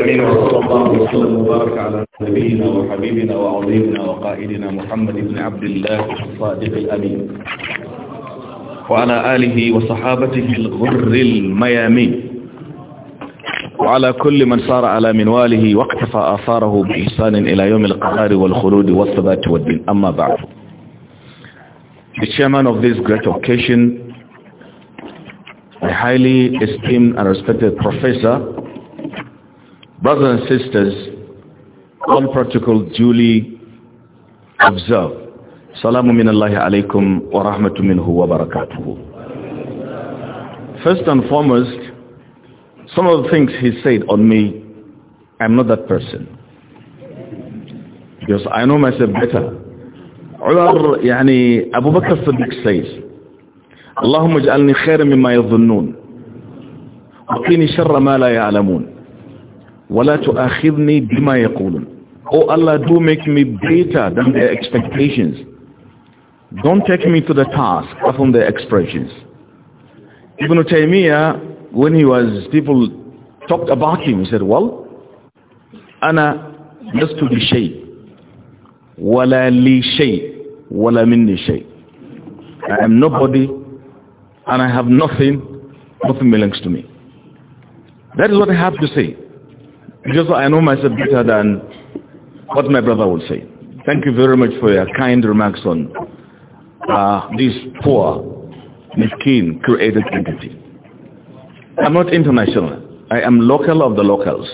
العالمين وصلى الله وسلم وبارك على نبينا وحبيبنا وعظيمنا وقائدنا محمد بن عبد الله الصادق الأمين وعلى آله وصحابته الغر الميامين وعلى كل من صار على منواله واقتفى آثاره بإحسان إلى يوم القرار والخلود والثبات والدين أما بعد The chairman of this great occasion, a highly esteemed and respected professor Brothers and sisters, one protocol duly observed. Salamu minallahi alaykum wa rahmatu minhu wa barakatuhu. First and foremost, some of the things he said on me, I'm not that person. Because I know myself better. Umar, yani Abu Bakr Siddiq says, اللهم اجعلني خيرا مما يظنون وقيني شر ما لا يعلمون وَلَا تُؤَخِذْنِي بِمَا يَقُولُونَ Oh Allah, do make me better than their expectations. Don't take me to the task upon their expressions. Ibn Taymiyah, when he was, people talked about him, he said, well, أنا لست بشيء ولا لي شيء ولا مني شيء. I am nobody and I have nothing, nothing belongs to me. That is what I have to say. Just so I know myself better than what my brother would say. Thank you very much for your kind remarks on uh, this poor, miskin, created entity. I'm not international. I am local of the locals.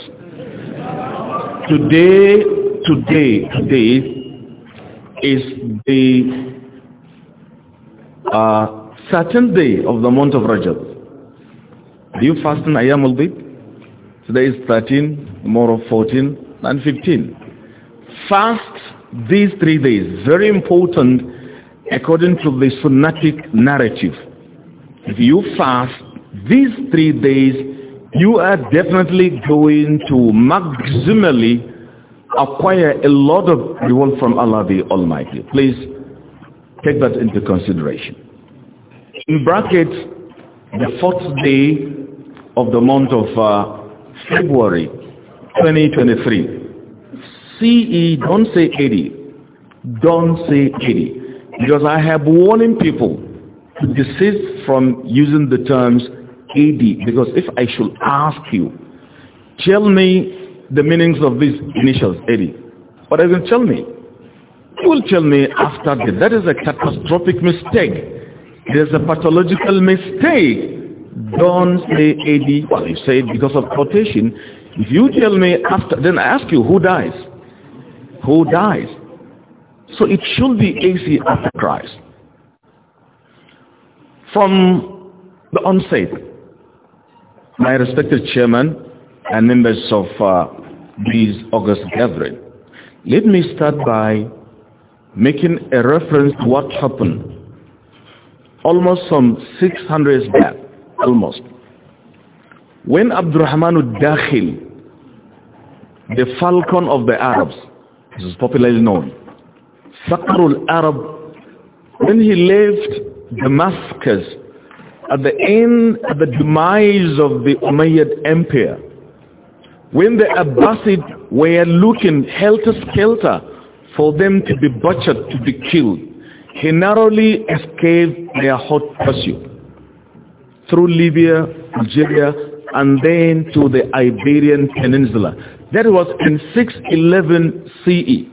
Today, today, today is the uh, certain day of the month of Rajab. Do you fast in Ayyam bid Today is 13 of 14 and 15 fast these three days very important according to the sunnatic narrative if you fast these three days you are definitely going to maximally acquire a lot of reward from Allah the Almighty please take that into consideration in brackets the fourth day of the month of uh, February 2023. CE, don't say AD. Don't say AD Because I have warning people to desist from using the terms AD. Because if I should ask you, tell me the meanings of these initials, AD. What doesn't tell me? You will tell me after that. That is a catastrophic mistake. It is a pathological mistake. Don't say AD. Well, you say it because of quotation. If you tell me after, then I ask you, who dies? Who dies? So it should be AC after Christ. From the onset, my respected chairman and members of uh, this August gathering, let me start by making a reference to what happened almost some 600 years back, almost. When Abdurrahmanu al-Dakhil the falcon of the Arabs. This is popularly known. Sakrul Arab, when he left Damascus, at the end, at the demise of the Umayyad Empire, when the Abbasid were looking helter-skelter for them to be butchered, to be killed, he narrowly escaped their hot pursuit through Libya, Algeria, and then to the Iberian Peninsula. That was in 611 CE.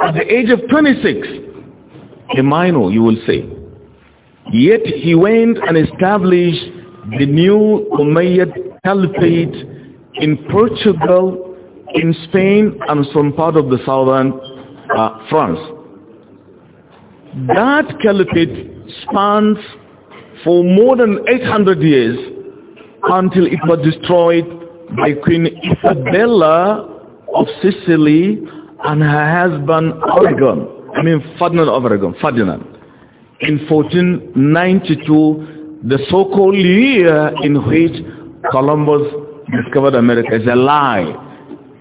At the age of 26, a minor, you will say. Yet he went and established the new Umayyad Caliphate in Portugal, in Spain, and some part of the southern uh, France. That caliphate spans for more than 800 years until it was destroyed by Queen Isabella of Sicily and her husband Oregon, I mean Ferdinand of Oregon, Ferdinand, in 1492, the so-called year in which Columbus discovered America is a lie.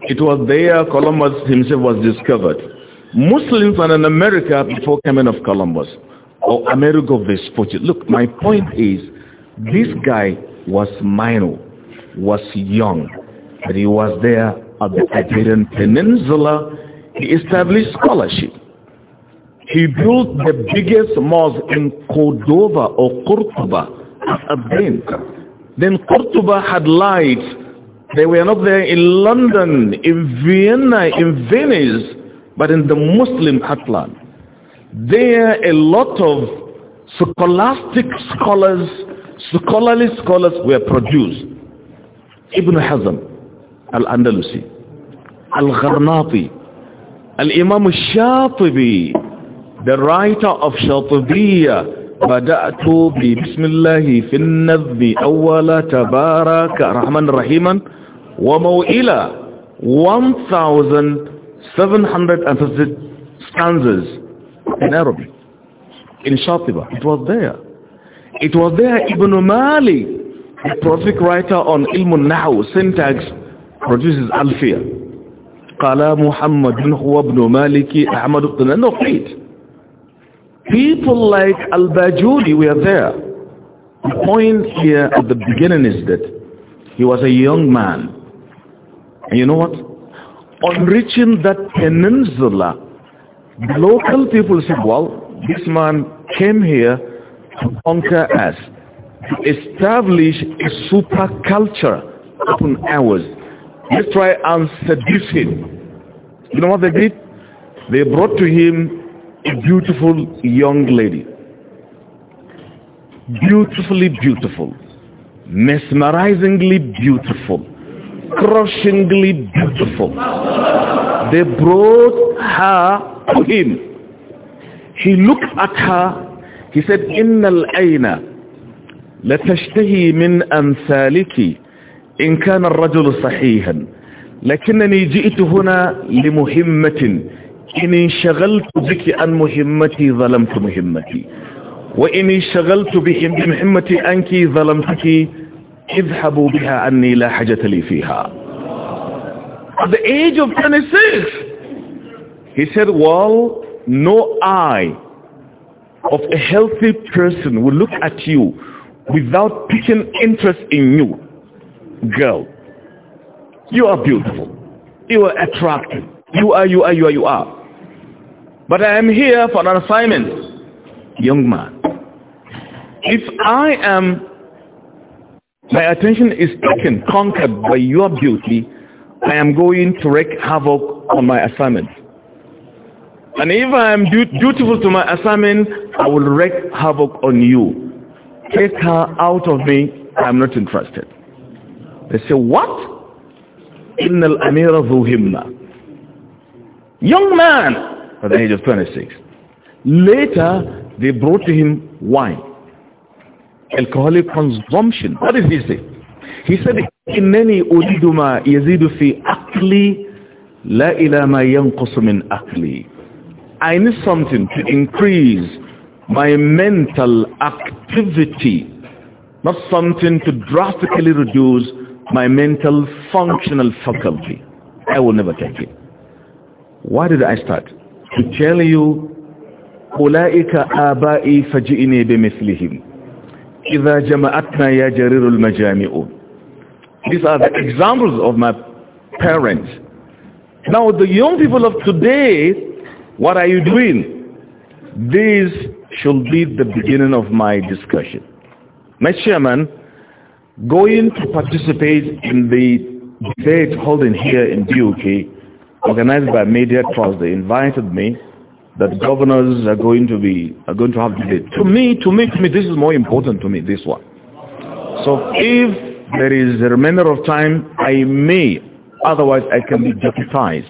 It was there Columbus himself was discovered. Muslims were in America before coming of Columbus or Amerigo Vespucci. Look, my point is, this guy was minor was young, but he was there at the Iberian Peninsula. He established scholarship. He built the biggest mosque in Cordova or Cordoba at then. Then Cordoba had lights. They were not there in London, in Vienna, in Venice, but in the Muslim heartland. There a lot of scholastic scholars, scholarly scholars were produced. ابن حزم الأندلسي الغرناطي الإمام الشاطبي the writer of شاطبية بدأت ببسم الله في النذب أول تبارك رحمن رحيما وموئلة 1750 stanzas in Arabic in شاطبة it was there it was there Ibn Malik a prolific writer on ilmu nahu syntax, produces alfiya. Qala Muhammadun huwa ibn Maliki Ahmad ibn People like Al-Bajuri were there. The point here at the beginning is that he was a young man. And you know what? On reaching that peninsula, local people said, well, this man came here to conquer us to establish a super culture upon ours. Let's try and seduce him. You know what they did? They brought to him a beautiful young lady. Beautifully beautiful. Mesmerizingly beautiful. Crushingly beautiful. They brought her to him. He looked at her. He said, Innal aina لتشتهي من أمثالك إن كان الرجل صحيحا لكنني جئت هنا لمهمة إن انشغلت بك عن مهمتي ظلمت مهمتي وإن انشغلت بمهمتي أنك ظلمتك اذهبوا بها عني لا حاجة لي فيها At the age of 26 he said well no eye of a healthy person will look at you without taking interest in you. Girl, you are beautiful. You are attractive. You are, you are, you are, you are. But I am here for an assignment, young man. If I am, my attention is taken, conquered by your beauty, I am going to wreak havoc on my assignment. And if I am dutiful to my assignment, I will wreak havoc on you. Take her out of me. I'm not interested. They say, what? In the Amir of هِمْنَةٍ Young man at the age of 26. Later, they brought to him wine. Alcoholic consumption. What did he say? He said, إِنَّنِي many مَا يَزِيدُ فِي أَقْلِي لَا إِلَى مَا يَنْقُصُ مِنْ أَقْلِي I need something to increase my mental activity, not something to drastically reduce my mental functional faculty. I will never take it. Why did I start? To tell you, أولئك آبائي فجئني بمثلهم إذا يا جرير These are the examples of my parents. Now the young people of today, what are you doing? These should be the beginning of my discussion. Mr. Chairman, going to participate in the debate holding here in BUK, organized by Media Trust, they invited me that governors are going to be are going to have debate. To me, to me, to me, this is more important to me. This one. So if there is a remainder of time, I may. Otherwise, I can be deputized.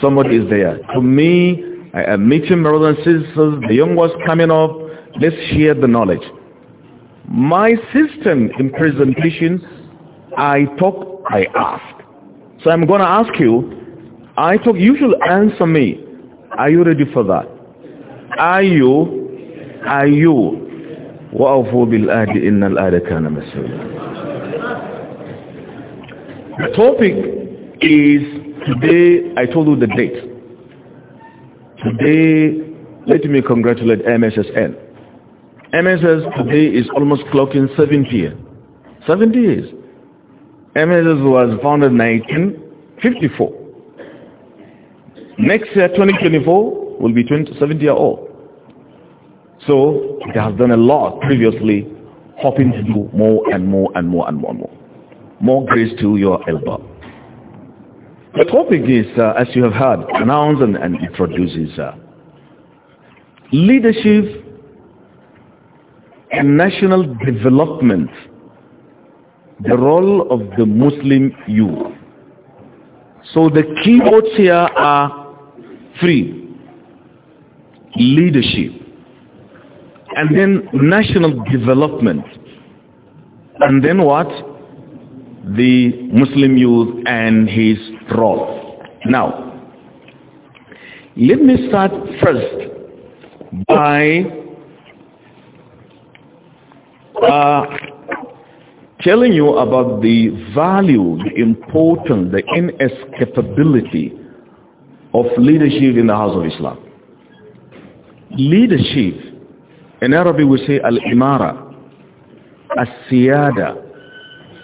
Somebody is there. To me, a, a meeting, brothers and sisters, the young ones coming up, let's share the knowledge. My system in presentation, I talk, I ask. So I'm going to ask you, I talk, you should answer me. Are you ready for that? Are you? Are you? وَأَوْفُوا إِنَّ كَانَ The topic is today, I told you the date. Today, let me congratulate MSSN. MSS today is almost clocking 70 years. 70 years. MSS was founded in 1954. Next year, 2024, will be 20, 70 years old. So it has done a lot previously, hoping to do more and more and more and more and more. More grace to your elbow. The topic is, uh, as you have heard, announced and, and introduces uh, leadership and national development, the role of the Muslim youth. So the keywords here are three, leadership, and then national development, and then what? The Muslim youth and his now, let me start first by uh, telling you about the value, the importance, the inescapability of leadership in the house of Islam. Leadership, in Arabic we say al-imara, al-siyada,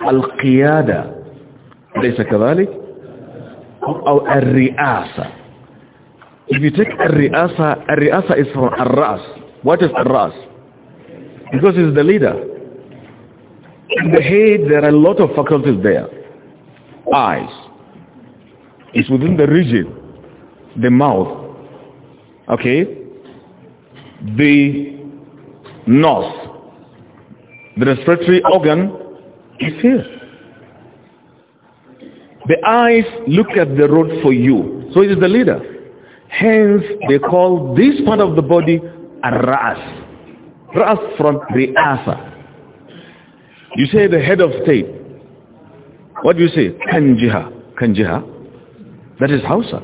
al-qiyada, ليس كذلك أو الرئاسة if you take الرئاسة الرئاسة is from الرأس what is الرأس because it's the leader in the head there are a lot of faculties there eyes It's within the region the mouth okay the nose the respiratory organ is here the eyes look at the road for you. So it is the leader. Hence, they call this part of the body a ras. Ras from asa. You say the head of state. What do you say? Kanjiha. Kanjiha. That is Hausa.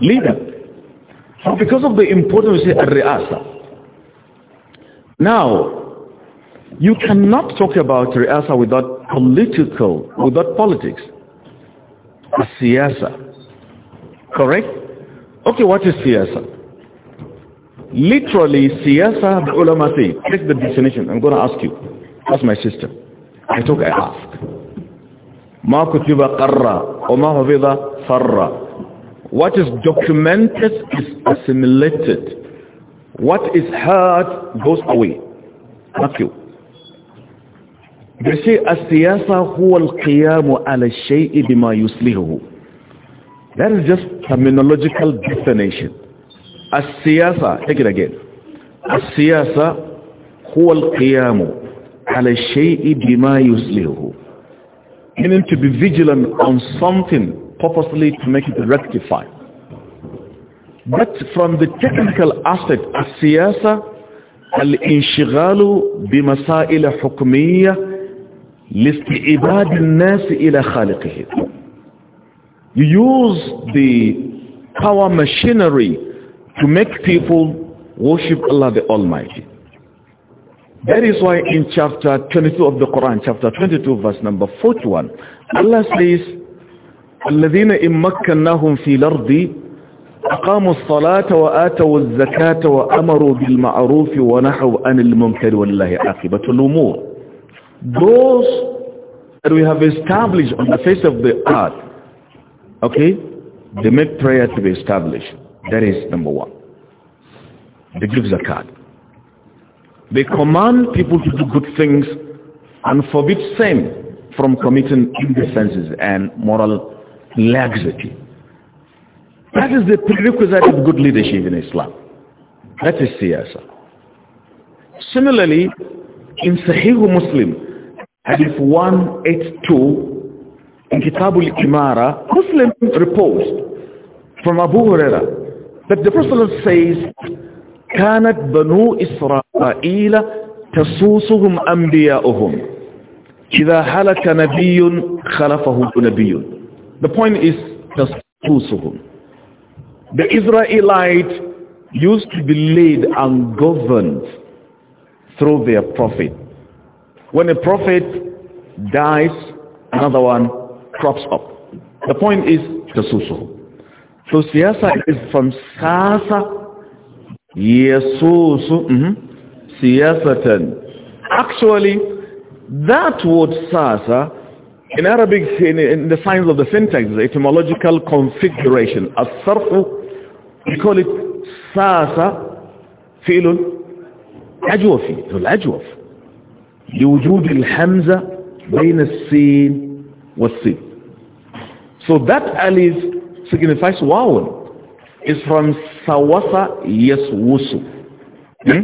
Leader. So because of the importance, you say riasa. Now, you cannot talk about riasa without political, without politics. Siyasa. Correct? Okay, what is siyasa? Literally, siyasa, ulamati. take the definition. I'm going to ask you. Ask my sister. I took, I asked. ما qarra, قرى وما حفظ What is documented is assimilated. What is heard goes away. Not you. بشيء السياسة هو القيام على الشيء بما يصلحه That is just terminological definition. السياسة, take it again. السياسة هو القيام على الشيء بما يصلحه. Meaning to be vigilant on something purposely to make it rectify. But from the technical aspect, السياسة الانشغال بمسائل حكمية لاستعباد الناس إلى خالقه you use the power machinery to make people worship Allah the Almighty that is why in chapter 22 of the Quran chapter 22 verse number 41 Allah says الذين إن مكناهم في الأرض أقاموا الصلاة وآتوا الزكاة وأمروا بالمعروف ونحوا أن المنكر والله عاقبة الأمور those that we have established on the face of the earth, okay, they make prayer to be established. That is number one. They give zakat. They command people to do good things and forbid same from committing indecencies and moral laxity. That is the prerequisite of good leadership in Islam. That is siyasa. Similarly, in Sahih Muslim, Hadith 182 in Kitab al-Imara, Muslim reports from Abu Huraira that the Prophet says, كانت بنو إسرائيل تسوسهم أنبياؤهم إذا هلك نبي خلفه نبي The point is تسوسهم The Israelites used to be led and governed through their prophet when a prophet dies, another one crops up. The point is tasusu. So Siasa is from sasa yesusu mm -hmm. Actually, that word sasa in Arabic, in, in the signs of the syntax, the etymological configuration, as-sarfu, we call it sasa, fi'lun, ajwafi, ذو لوجود الحمزة بين السين والسين so that alif signifies vowel is from sawasa yaswusu hmm?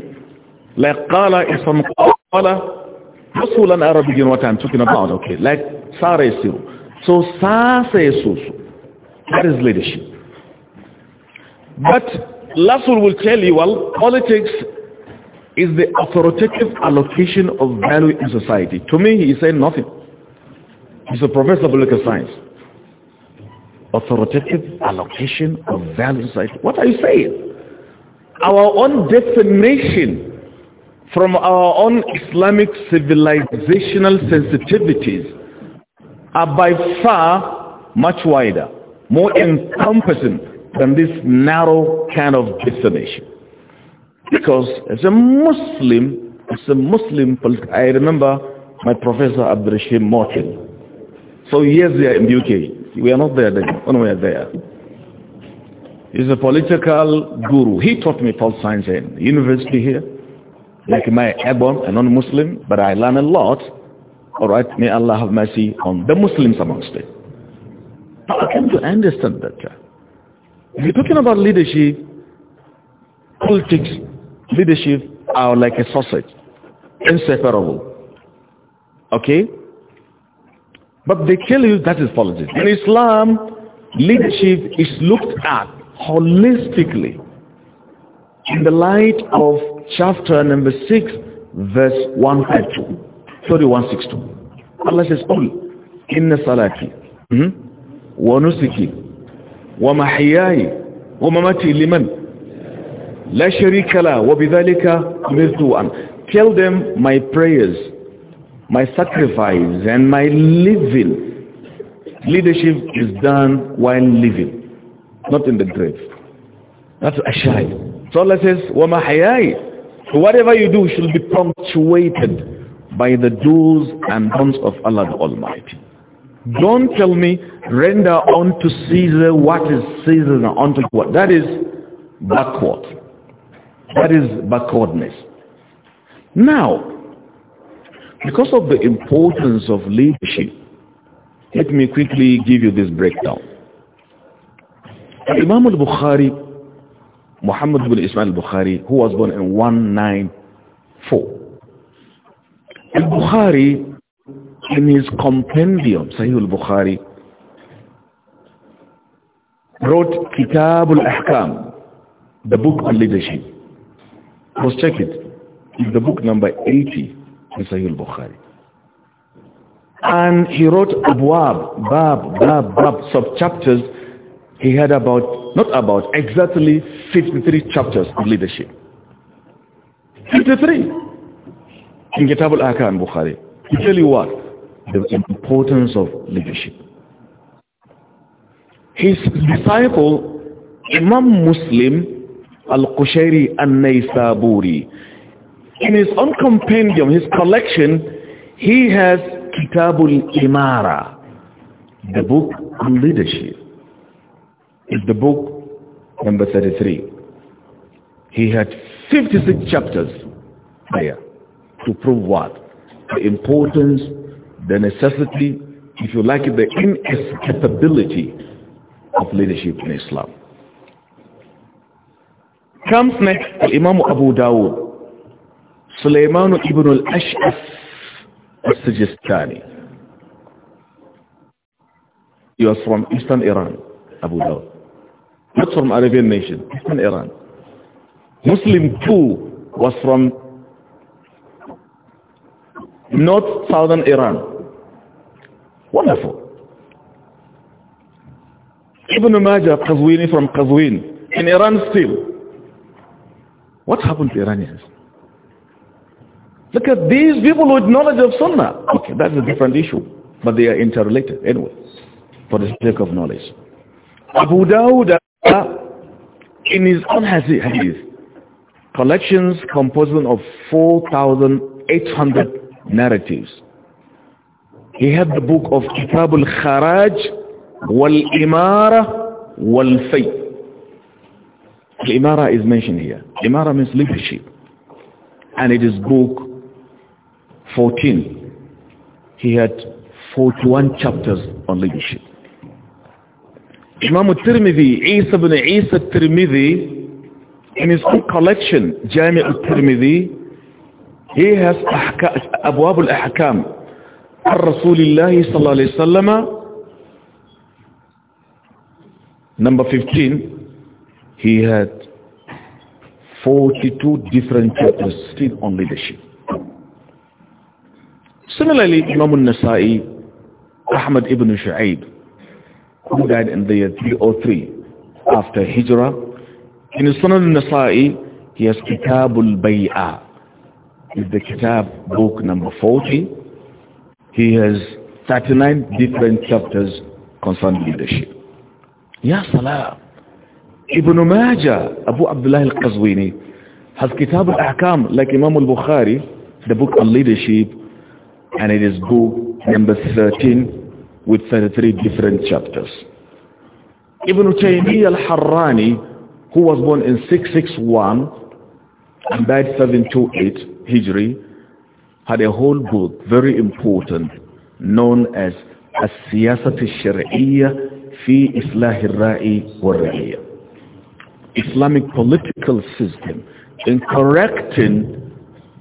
like qala is from qala an Arabic what I'm talking about okay like sara yasiru so sasa yasusu that is leadership but Lasul will tell you well politics is the authoritative allocation of value in society. To me, he is saying nothing. He's a professor of political science. Authoritative allocation of value in society. What are you saying? Our own definition from our own Islamic civilizational sensitivities are by far much wider, more encompassing than this narrow kind of definition. Because as a Muslim, as a Muslim I remember my professor Abdurashim Morten. So yes, they are in the UK. We are not there then, when oh, we are there. He's a political guru. He taught me political science in university here. Like my Ebon, a non-Muslim, but I learned a lot. All right, may Allah have mercy on the Muslims amongst it. How can you understand that? If you're talking about leadership, politics leadership are like a sausage, inseparable. Okay? But they tell you, that is politics. In Islam, leadership is looked at holistically in the light of chapter number 6, verse 152, 3162. Allah says, قُلْ إِنَّ صَلَاتِي وَنُسِكِي وَمَحْيَايِ وَمَمَتِي liman, لا شريك له وبذلك أمرت Tell them my prayers, my sacrifice and my living. Leadership is done while living, not in the grave. That's ashai. So Allah says, وَمَا حَيَاي so Whatever you do should be punctuated by the do's and don'ts of Allah the Almighty. Don't tell me, render unto Caesar what is Caesar's and unto what. That is backward. That is backwardness. Now, because of the importance of leadership, let me quickly give you this breakdown. Imam al-Bukhari, Muhammad ibn Ismail al-Bukhari, who was born in 194. Al-Bukhari, in his compendium, Sahih al-Bukhari, wrote Kitab al-Ahkam, the book on leadership. Cross check it. It's the book number 80 in Sahih al-Bukhari. And he wrote abwab, bab, bab, bab, sub-chapters. He had about, not about, exactly 53 chapters of leadership. 53 in Kitab al-Akhan Bukhari. To tell you what, the importance of leadership. His disciple, Imam Muslim, Al-Qushairi and Naysaburi. In his own compendium, his collection, he has Kitabul Imara, the book on leadership. It's the book number 33. He had 56 chapters there to prove what? The importance, the necessity, if you like it, the inescapability of leadership in Islam. comes next الإمام أبو داود سليمان ابن الأشعث السجستاني He was from Eastern Iran, Abu Dawud. Not from Arabian nation, Eastern Iran. Muslim too was from North Southern Iran. Wonderful. Ibn Majah Qazwini from Qazwin. In Iran still, What happened to Iranians? Look at these people with knowledge of Sunnah. Okay, that's a different issue. But they are interrelated anyway, for the sake of knowledge. Abu Dawud, in his own hadith, collections composing of 4,800 narratives. He had the book of Kitab al-Kharaj wal-Imara wal-Fayt. Al-Imara is mentioned here. Imara means leadership. And it is book 14. He had 41 chapters on leadership. Imam al-Tirmidhi, Isa ibn Isa al-Tirmidhi, in his own collection, Jami al-Tirmidhi, he has Abwab al-Ahkam, الرسول الله صلى الله عليه وسلم number 15 he had 42 different chapters still on leadership. Similarly, Imam al-Nasai, Ahmad ibn Shu'aib, who died in the year 303 after Hijrah, in his Sunan al-Nasai, he has Kitabul Bay'ah, is the Kitab book number 40. He has 39 different chapters concerning leadership. Ya Salah! Ibn Majah, Abu Abdullah al-Qazwini, has Kitab al-Ahkam, like Imam al-Bukhari, the book on leadership, and it is book number 13 with 33 different chapters. Ibn Taymiyyah al harani who was born in 661 and died 728 Hijri, had a whole book, very important, known as Al-Siyasat السياسة الشرعية في إصلاح الرأي والرعية Islamic political system in correcting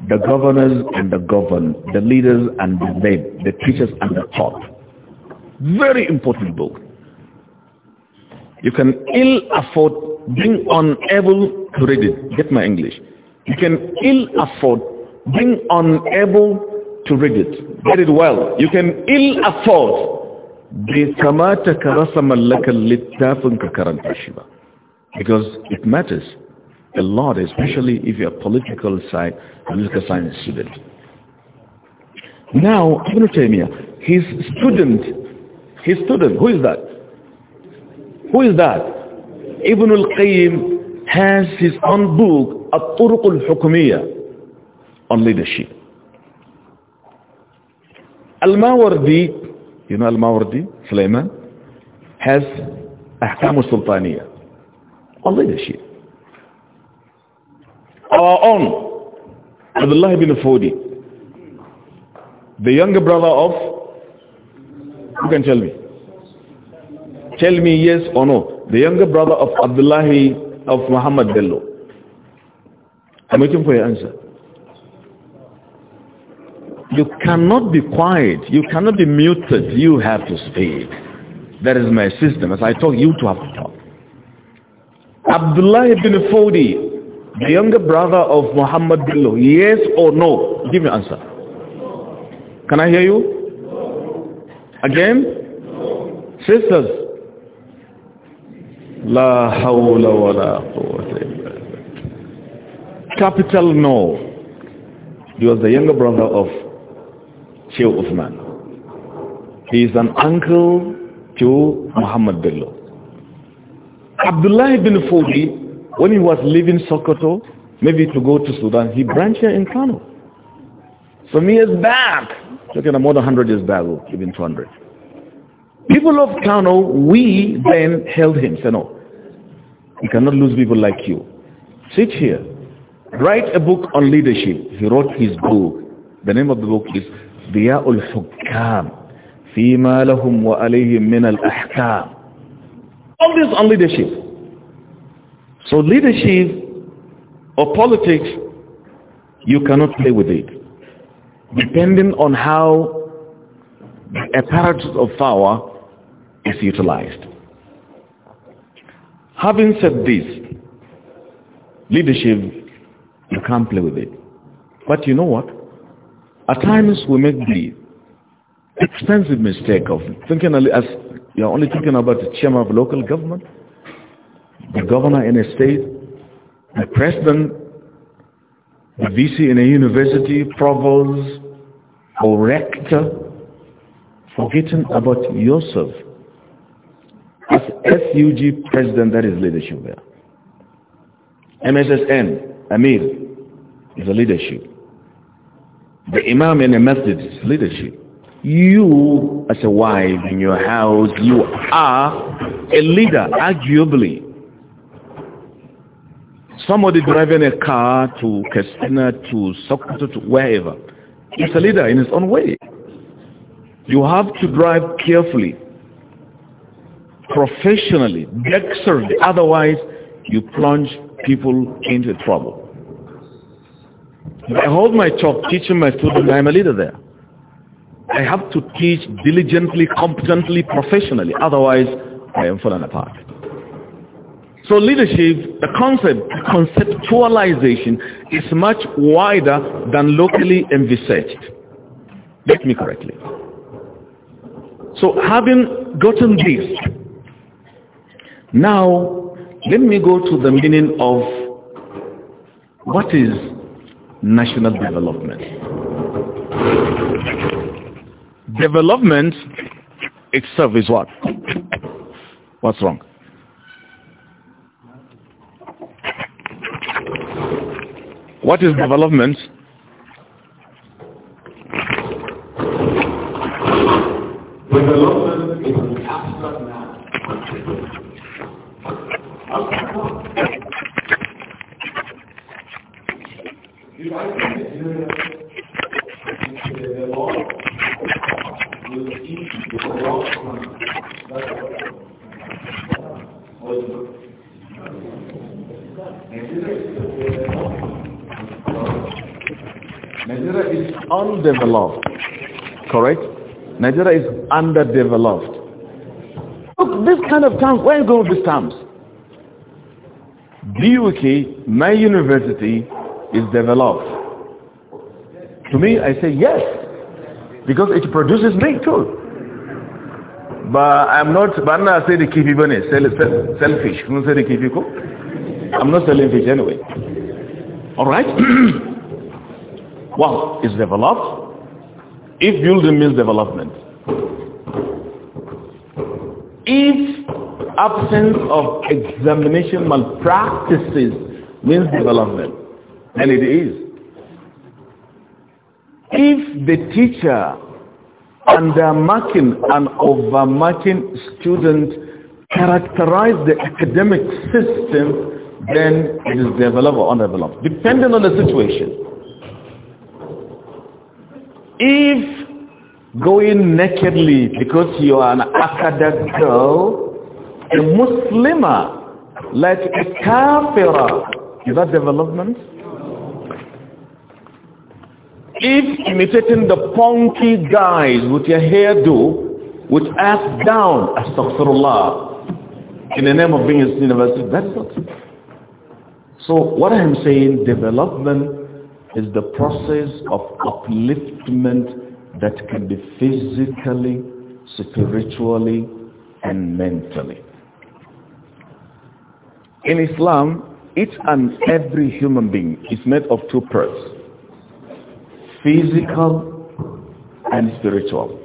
the governors and the governed, the leaders and the the teachers and the taught. Very important book. You can ill afford being unable to read it. Get my English. You can ill afford being unable to read it. Get it well. You can ill afford bai kamata ka rasa mallakar because it matters a lot, especially if you're a political science, political science student. Now, Ibn Taymiyyah, his student, his student, who is that? Who is that? Ibn al-Qayyim has his own book, At-Turuq al-Hukumiyya, on leadership. Al-Mawardi, you know Al-Mawardi, Sulaiman, has Ahkam al-Sultaniyya on leadership. Our own, Abdullah ibn Fodi, the younger brother of, who can tell me? Tell me yes or no. The younger brother of Abdullah of Muhammad Bello. I'm waiting for your answer. You cannot be quiet. You cannot be muted. You have to speak. That is my system. As I talk, you to have to talk. Abdullah ibn Fodi, the younger brother of Muhammad Billo, yes or no? Give me answer. Can I hear you? Again? Sisters? La hawla wa la quwwata Capital no. He was the younger brother of Sheikh Uthman. He is an uncle to Muhammad Bello. Abdullah ibn Fodi, when he was leaving Sokoto, maybe to go to Sudan, he branched here in Kano. Some years back, talking about more than 100 years back, oh, even 200. People of Kano, we then held him, said, no, you cannot lose people like you. Sit here. Write a book on leadership. He wrote his book. The name of the book is Ma Hukam. wa لهم min Al Ahkam. Always on leadership. So leadership or politics, you cannot play with it. Depending on how the apparatus of power is utilized. Having said this, leadership, you can't play with it. But you know what? At times we make believe expensive mistake of thinking as you're only thinking about the chairman of local government, the governor in a state, the president, the VC in a university, provost, or rector, forgetting about yourself. As SUG president, that is leadership there. MSSN, Amir, is a leadership. The imam in a message is leadership you as a wife in your house, you are a leader, arguably. Somebody driving a car to Castina, to Sokoto, to wherever. is a leader in his own way. You have to drive carefully, professionally, dexterously. Otherwise, you plunge people into trouble. I hold my job teaching my students I'm a leader there. I have to teach diligently, competently, professionally. Otherwise, I am falling apart. So leadership, the concept, conceptualization is much wider than locally envisaged. Get me correctly. So having gotten this, now let me go to the meaning of what is national development development itself is what? What's wrong? What is development? Development is an undeveloped. Correct? Nigeria is underdeveloped. Look, this kind of terms, where go these terms? BUK, my university, is developed. To me, I say yes, because it produces me too. But I'm not, but I'm not saying the kipi bane, selfish. don't say the I'm not selling fish anyway. All right? Well, it's developed. If building means development. If absence of examination malpractices means development. And it is. If the teacher undermarking and overmarking student characterize the academic system, then it is developed or undeveloped, depending on the situation. If going nakedly because you are an Akada girl, a Muslimah, like a kafira, is that development? If imitating the punky guys with your hairdo, with ass down, astaghfirullah, in the name of being a university, that's not. So what I'm saying, development is the process of upliftment that can be physically, spiritually, and mentally. In Islam, each and every human being is made of two parts, physical and spiritual.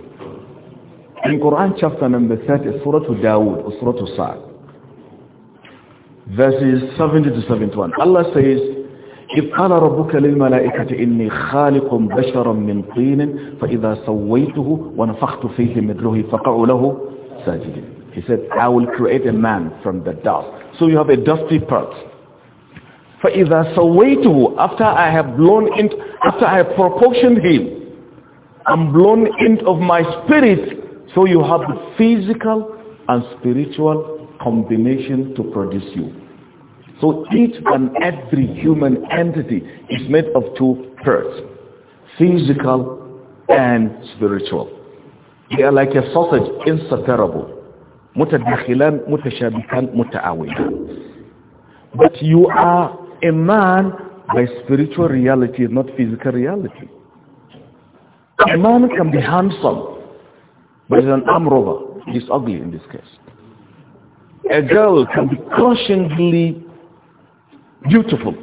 In Quran chapter number 30, Surah to Dawood, Surah to Sa'ad, verses 70 to 71, Allah says, إذ قال ربك للملائكة إني خالق بشرا من طين فإذا سويته ونفخت فيه من روحي فقعوا له ساجدين He said, I will create a man from the dust. So you have a dusty part. فإذا سويته After I have blown into after I have proportioned him, I'm blown into of my spirit. So you have the physical and spiritual combination to produce you. So each and every human entity is made of two parts, physical and spiritual. They are like a sausage, inseparable. مُتَدْخِلَان متشابكان متعاونان. But you are a man by spiritual reality, not physical reality. A man can be handsome, but he's an arm robber. He's ugly in this case. A girl can be crushingly beautiful,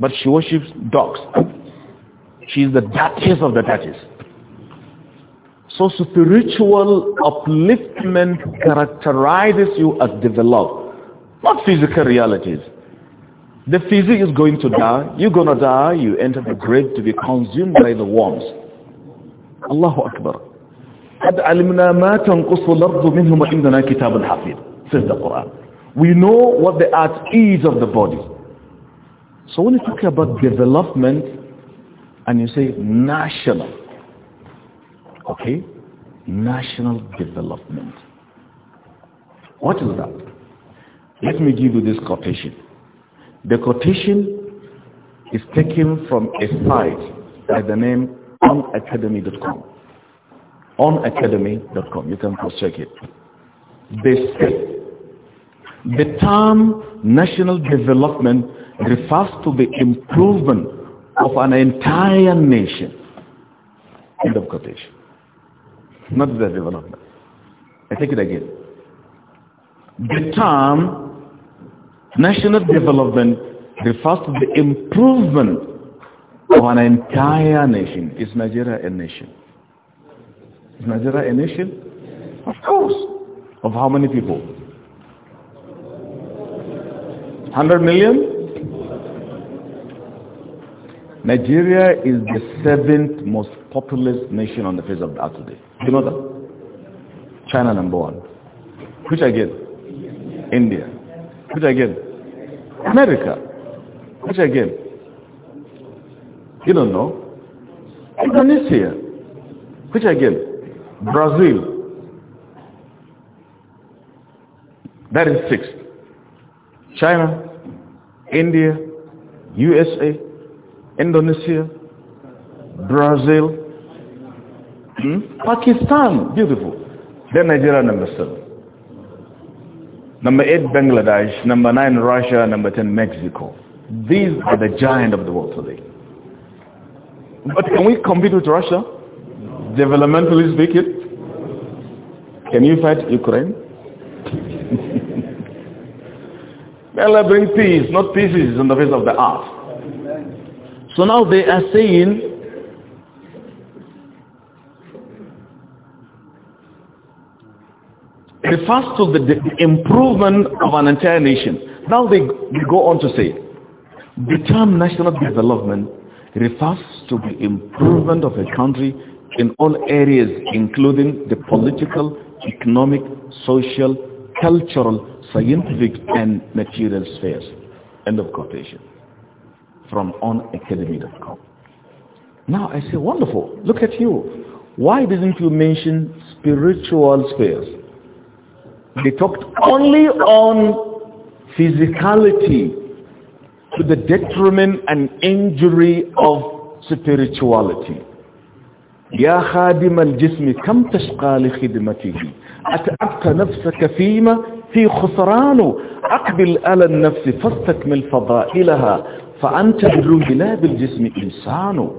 but she worships dogs. She is the dirtiest of the dirtiest. So spiritual upliftment characterizes you as developed, not physical realities. The physique is going to die. You're going to die. You enter the grave to be consumed by the worms. Allahu Akbar. قد علمنا ما تنقص الأرض منهم عندنا كتاب says the Quran. We know what the art is of the body. So when you talk about development and you say national, okay, national development. What is that? Let me give you this quotation. The quotation is taken from a site by the name onacademy.com. Onacademy.com. You can cross-check it. They say the term national development refers to the improvement of an entire nation. End of quotation. Not the development. I take it again. The term national development refers to the improvement of an entire nation. Is Nigeria a nation? Is Nigeria a nation? Of course. Of how many people? 100 million? Nigeria is the seventh most populous nation on the face of the earth today. Do you know that? China number one. Which again? India. Which again? America. Which again? You don't know. Indonesia. Which again? Brazil. That is sixth. China, India, USA, Indonesia, Brazil, hmm? Pakistan, beautiful. Then Nigeria number seven. Number eight, Bangladesh. Number nine, Russia. Number ten, Mexico. These are the giant of the world today. But can we compete with Russia? Developmentally speaking? Can you fight Ukraine? May Allah bring peace, not pieces on the face of the earth. So now they are saying refers to the, the improvement of an entire nation. Now they, they go on to say, the term national development refers to the improvement of a country in all areas, including the political, economic, social, cultural, scientific, and material spheres. End of quotation from onacademy.com. Now I say, wonderful, look at you. Why didn't you mention spiritual spheres? They talked only on physicality to the detriment and injury of spirituality. يا خادم الجسم كم تشقى لخدمته أتعبت نفسك فيما في خسران أقبل على النفس فاستكمل فضائلها فأنت بدون لا بالجسم إنسان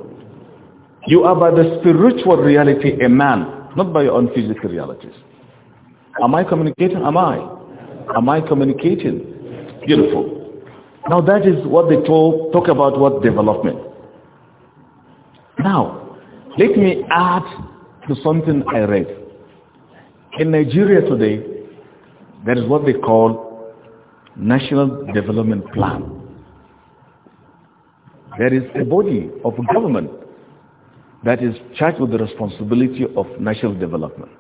you are by the spiritual reality a man not by your own physical realities am I communicating am I am I communicating beautiful now that is what they talk about what development now let me add to something I read in Nigeria today there is what they call national development plan there is a body of government that is charged with the responsibility of national development.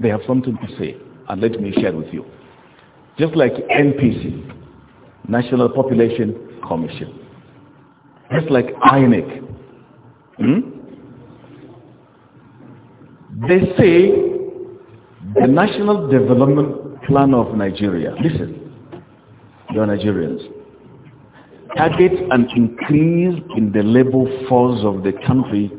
They have something to say, and let me share with you. Just like NPC, National Population Commission. Just like INEC. Hmm? They say the National Development Plan of Nigeria. Listen, you're Nigerians target an increase in the labor force of the country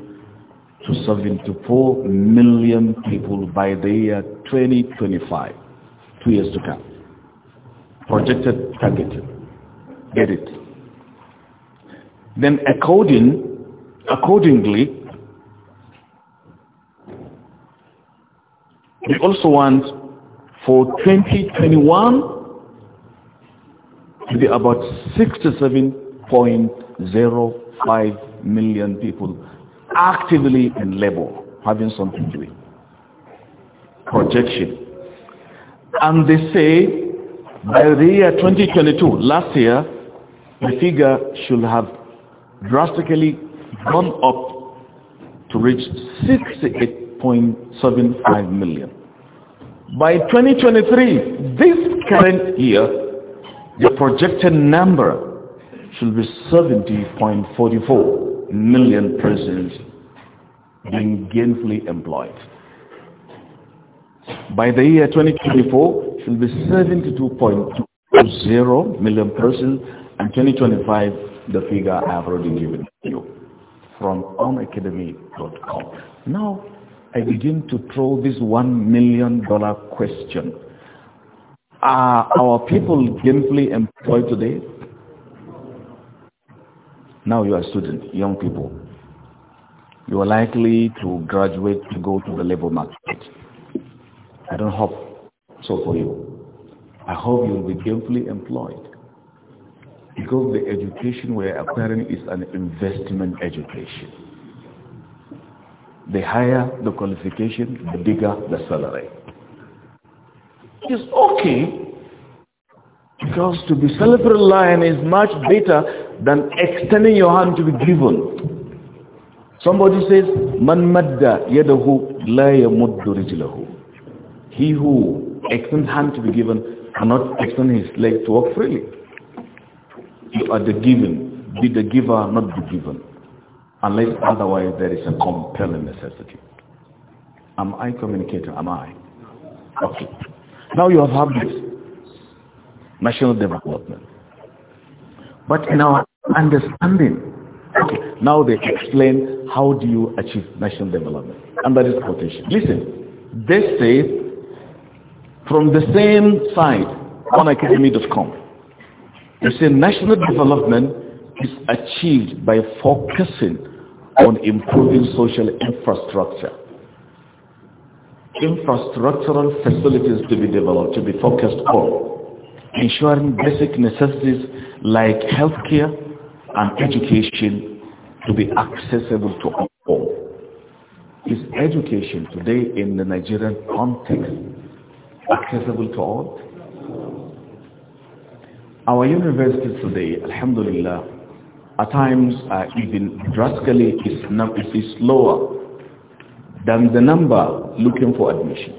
to 74 million people by the year 2025, two years to come. Projected target. Get it. Then according, accordingly, we also want for 2021 be about 67.05 million people actively in labor, having something to do. Projection. And they say by the year 2022, last year, the figure should have drastically gone up to reach 68.75 million. By 2023, this current year, the projected number should be 70.44 million persons being gainfully employed. By the year 2024, it will be 72.20 million persons, and 2025, the figure I have already given you from onacademy.com. Now, I begin to throw this one million dollar question are our people gainfully employed today? Now you are a student, young people. You are likely to graduate to go to the labor market. I don't hope so for you. I hope you will be gainfully employed. Because the education we are acquiring is an investment education. The higher the qualification, the bigger the salary is okay because to be self lion is much better than extending your hand to be given. Somebody says, Man madda yadahu la yamuddu rijlahu. He who extends hand to be given cannot extend his leg to walk freely. You are the given. Be the giver, not be given. Unless otherwise there is a compelling necessity. Am I communicating? Am I? Okay. Now you have this national development. But in our understanding, okay, now they explain how do you achieve national development. And that is quotation. Listen, they say from the same side on academy.com, they say national development is achieved by focusing on improving social infrastructure infrastructural facilities to be developed, to be focused on, ensuring basic necessities like healthcare and education to be accessible to all. Is education today in the Nigerian context accessible to all? Our universities today, alhamdulillah, at times are even drastically is, is lower than the number looking for admission.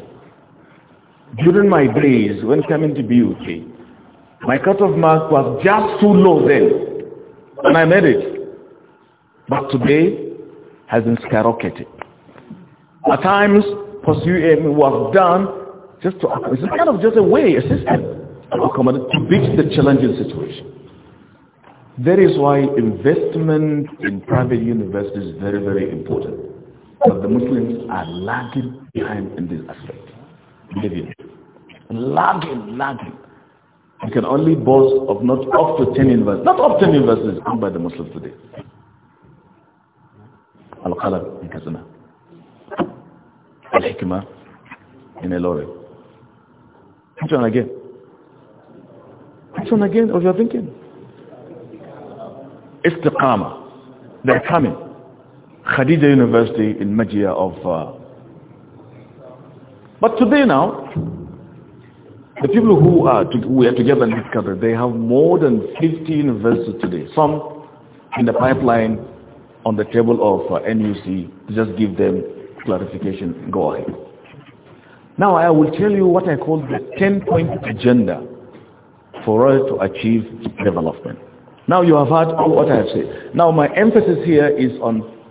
During my days when coming to BUK, my cut-off mark was just too low then, and I made it. But today has been skyrocketed. At times, pursuing was done just to, it's kind of just a way, a system to to beat the challenging situation. That is why investment in private universities is very, very important. But the Muslims are lagging behind in this aspect. Maybe. Lagging, lagging. You can only boast of not up to 10 universities. Not up to 10 universities come by the Muslims today. Al-Qalab in Kazana. Al-Hikmah in Elore. Which one again? Which one again? What are you It's thinking? Istiqama. They're coming. Khadija University in Magia of uh, but today now the people who are to, we are together in this country they have more than 50 universities today some in the pipeline on the table of uh, NUC to just give them clarification go ahead now I will tell you what I call the 10 point agenda for us to achieve development now you have heard all what I have said. Now my emphasis here is on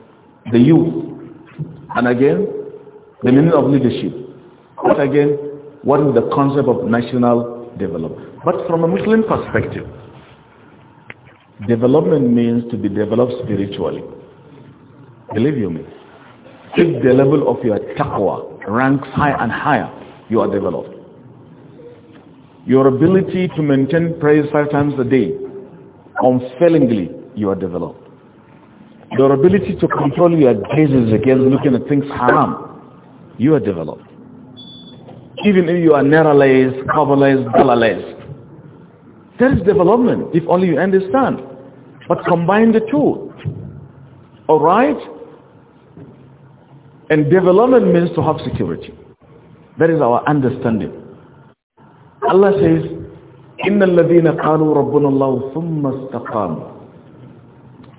the youth, and again, the meaning of leadership. But again, what is the concept of national development? But from a Muslim perspective, development means to be developed spiritually. Believe you me. If the level of your taqwa ranks higher and higher, you are developed. Your ability to maintain prayer five times a day, unfailingly, you are developed. Your ability to control your gazes against looking at things haram, you are developed. Even if you are narrowless, coverless, dollarless, there is development, if only you understand. But combine the two. Alright? And development means to have security. That is our understanding. Allah says, إِنَّ الَّذِينَ قَالُوا رَبُّنَ اللَّهُ ثُمَّ اسْتَقَامُوا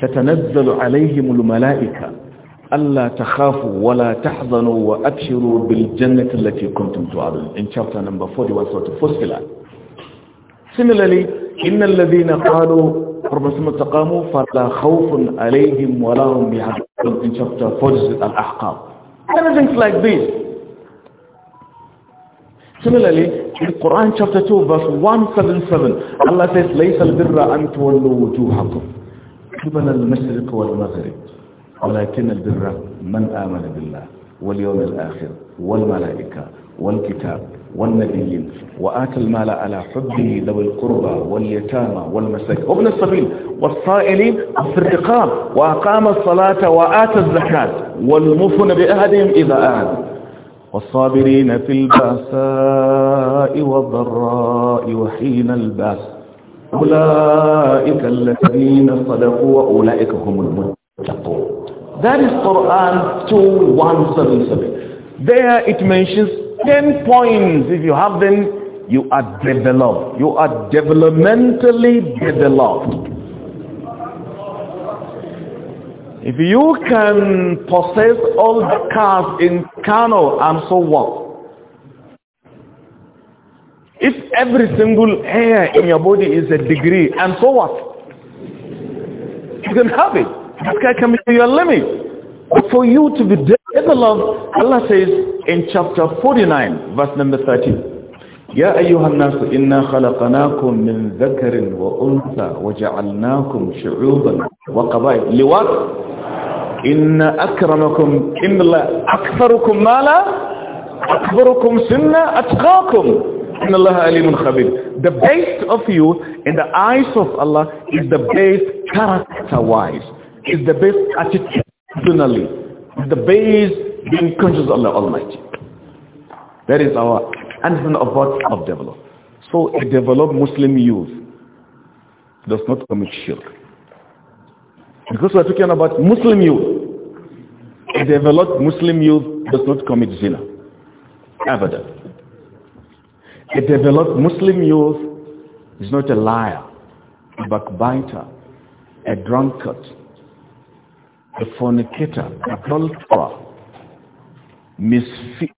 تتنزل عليهم الملائكة ألا تخافوا ولا تحزنوا وأبشروا بالجنة التي كنتم توعدون in chapter number 41 sort of first pillar similarly إن الذين قالوا ربما تقاموا فلا خوف عليهم ولا هم بيحزنون in chapter 40 الأحقاب things like this similarly in Quran chapter 2 verse 177 Allah says ليس البر أن تولوا وجوهكم قبل المشرق والمغرب ولكن البر من آمن بالله واليوم الآخر والملائكة والكتاب والنبيين وآت المال على حبه ذوي القربى واليتامى والمساكين وابن السبيل والصائلين في الرقاب وأقام الصلاة وآت الزكاة والمفن بأهدهم إذا أعد والصابرين في البأساء والضراء وحين البأس أولئك الذين صدقوا وأولئك هم المتقون That is Quran 2177. There it mentions 10 points. If you have them, you are developed. You are developmentally developed. If you can possess all the cars in Kano, I'm so on, If every single hair in your body is a degree, and so what? You can have it. This guy can be to your limit. But for you to be dead in the love, Allah says in chapter 49, verse number 13, يا أيها الناس إنا خلقناكم من ذكر وأنثى وجعلناكم شعوبا وقبائل لوات إن أكرمكم إن الله أكثركم مالا أكبركم سنا أتقاكم The best of you in the eyes of Allah is the best character-wise, is the best attitudinally, is the best being conscious of Allah Almighty. That is our understanding of what of develop. So a developed Muslim youth does not commit shirk. Because we are talking about Muslim youth. A developed Muslim youth does not commit zina. Ever done. A developed Muslim youth is not a liar, a backbiter, a drunkard, a fornicator, adulterer, misfit.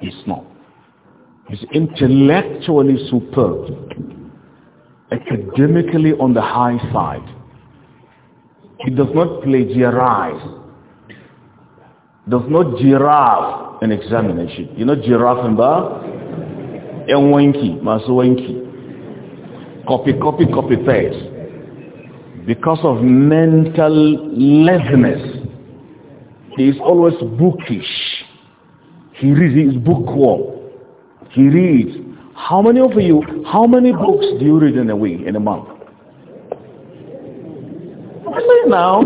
He's not. He's intellectually superb, academically on the high side. He does not plagiarize, does not giraffe an examination. You know giraffe and bar? 'yan wanki masu wanki copy copy copy paste because of mental laziness he is always bookish he reads his bookworm he reads how many of you how many books do you read in a week in a month now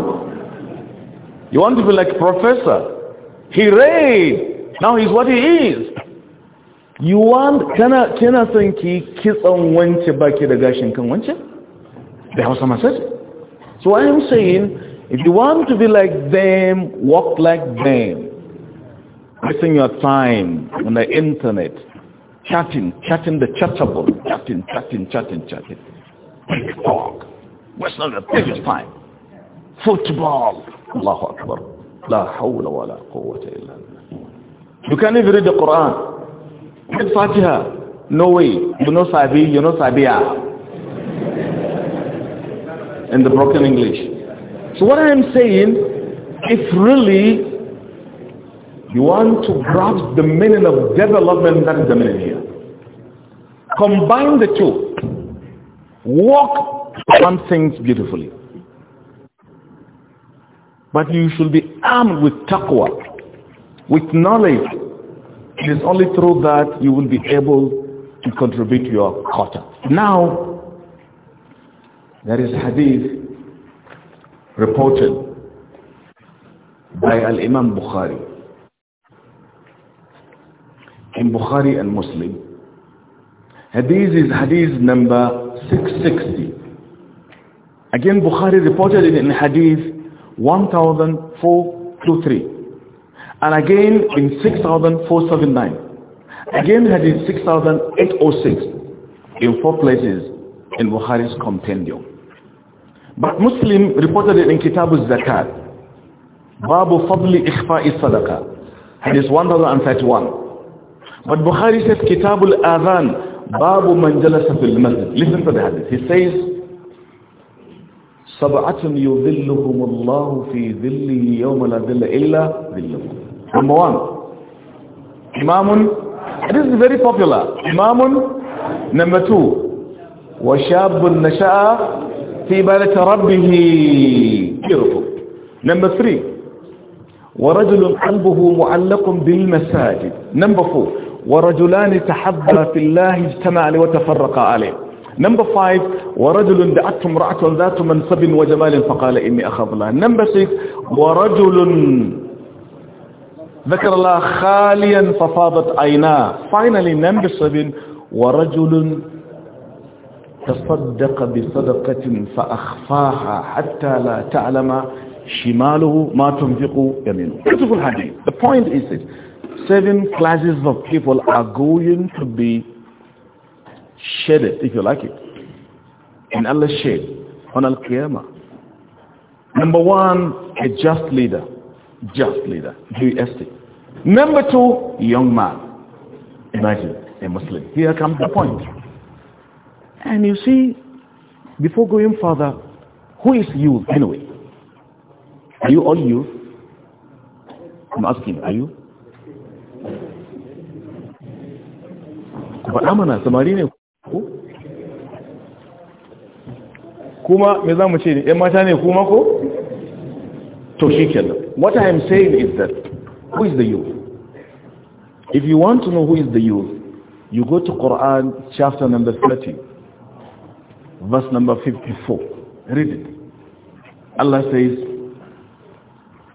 you want to be like professor he read now he's what he is you want kana kina son ki kitson wance baki da gashin kan wance the house says so i am saying if you want to be like them walk like them wasting your time on the internet chatting chatting the chatable, chatting chatting chatting chatting TikTok, waste not the previous time football allahu akbar la hawla wala quwwata illa billah you can even read the quran Fatiha. No way. You know Sabi, you know Sabiya. In the broken English. So what I am saying, if really you want to grasp the meaning of development, that is the meaning here. Combine the two. Walk on things beautifully. But you should be armed with taqwa, with knowledge, it is only through that you will be able to contribute your quota. Now, there is hadith reported by Al-Imam Bukhari. In Bukhari and Muslim, hadith is hadith number 660. Again, Bukhari reported it in hadith 1423. And again in 6,479. Again had in 6,806 in four places in Buhari's compendium. But Muslim reported it in Kitab al-Zakat. Babu Fadli Ikhfa'i Sadaqa. Hadith 1031. But Bukhari says Kitab al-Adhan. Babu Manjala Jalasa Masjid. Listen to the hadith. He says, سبعة يظلهم الله في ظله يوم لا ظل إلا ظله Number one, Imamun, this is very popular. Imamun, number two, washabun nasha'a fi بَلَةَ رَبِّهِ Beautiful. Number three, ورجل قلبه معلق بالمساجد number four ورجلان تحبا في الله اجتمع وتفرق عليه number five ورجل دعته امرأة ذات منصب وجمال فقال إني أخاف الله number six ورجل ذكر الله خاليا ففاضت عيناه finally number seven ورجل تصدق بصدقة فأخفاها حتى لا تعلم شماله ما تنفق يمينه beautiful hadith the point is it seven classes of people are going to be shedded if you like it in Allah's shade on Al-Qiyamah number one a just leader just leader, UST. Number two, young man. Imagine a Muslim. Here comes the point. And you see, before going further, who is youth anyway? Are you all youth? I'm asking, are you? kuma kuma to shikenan what i am saying is that who is the youth if you want to know who is the youth you go to quran chapter number 30 verse number 54 read it allah says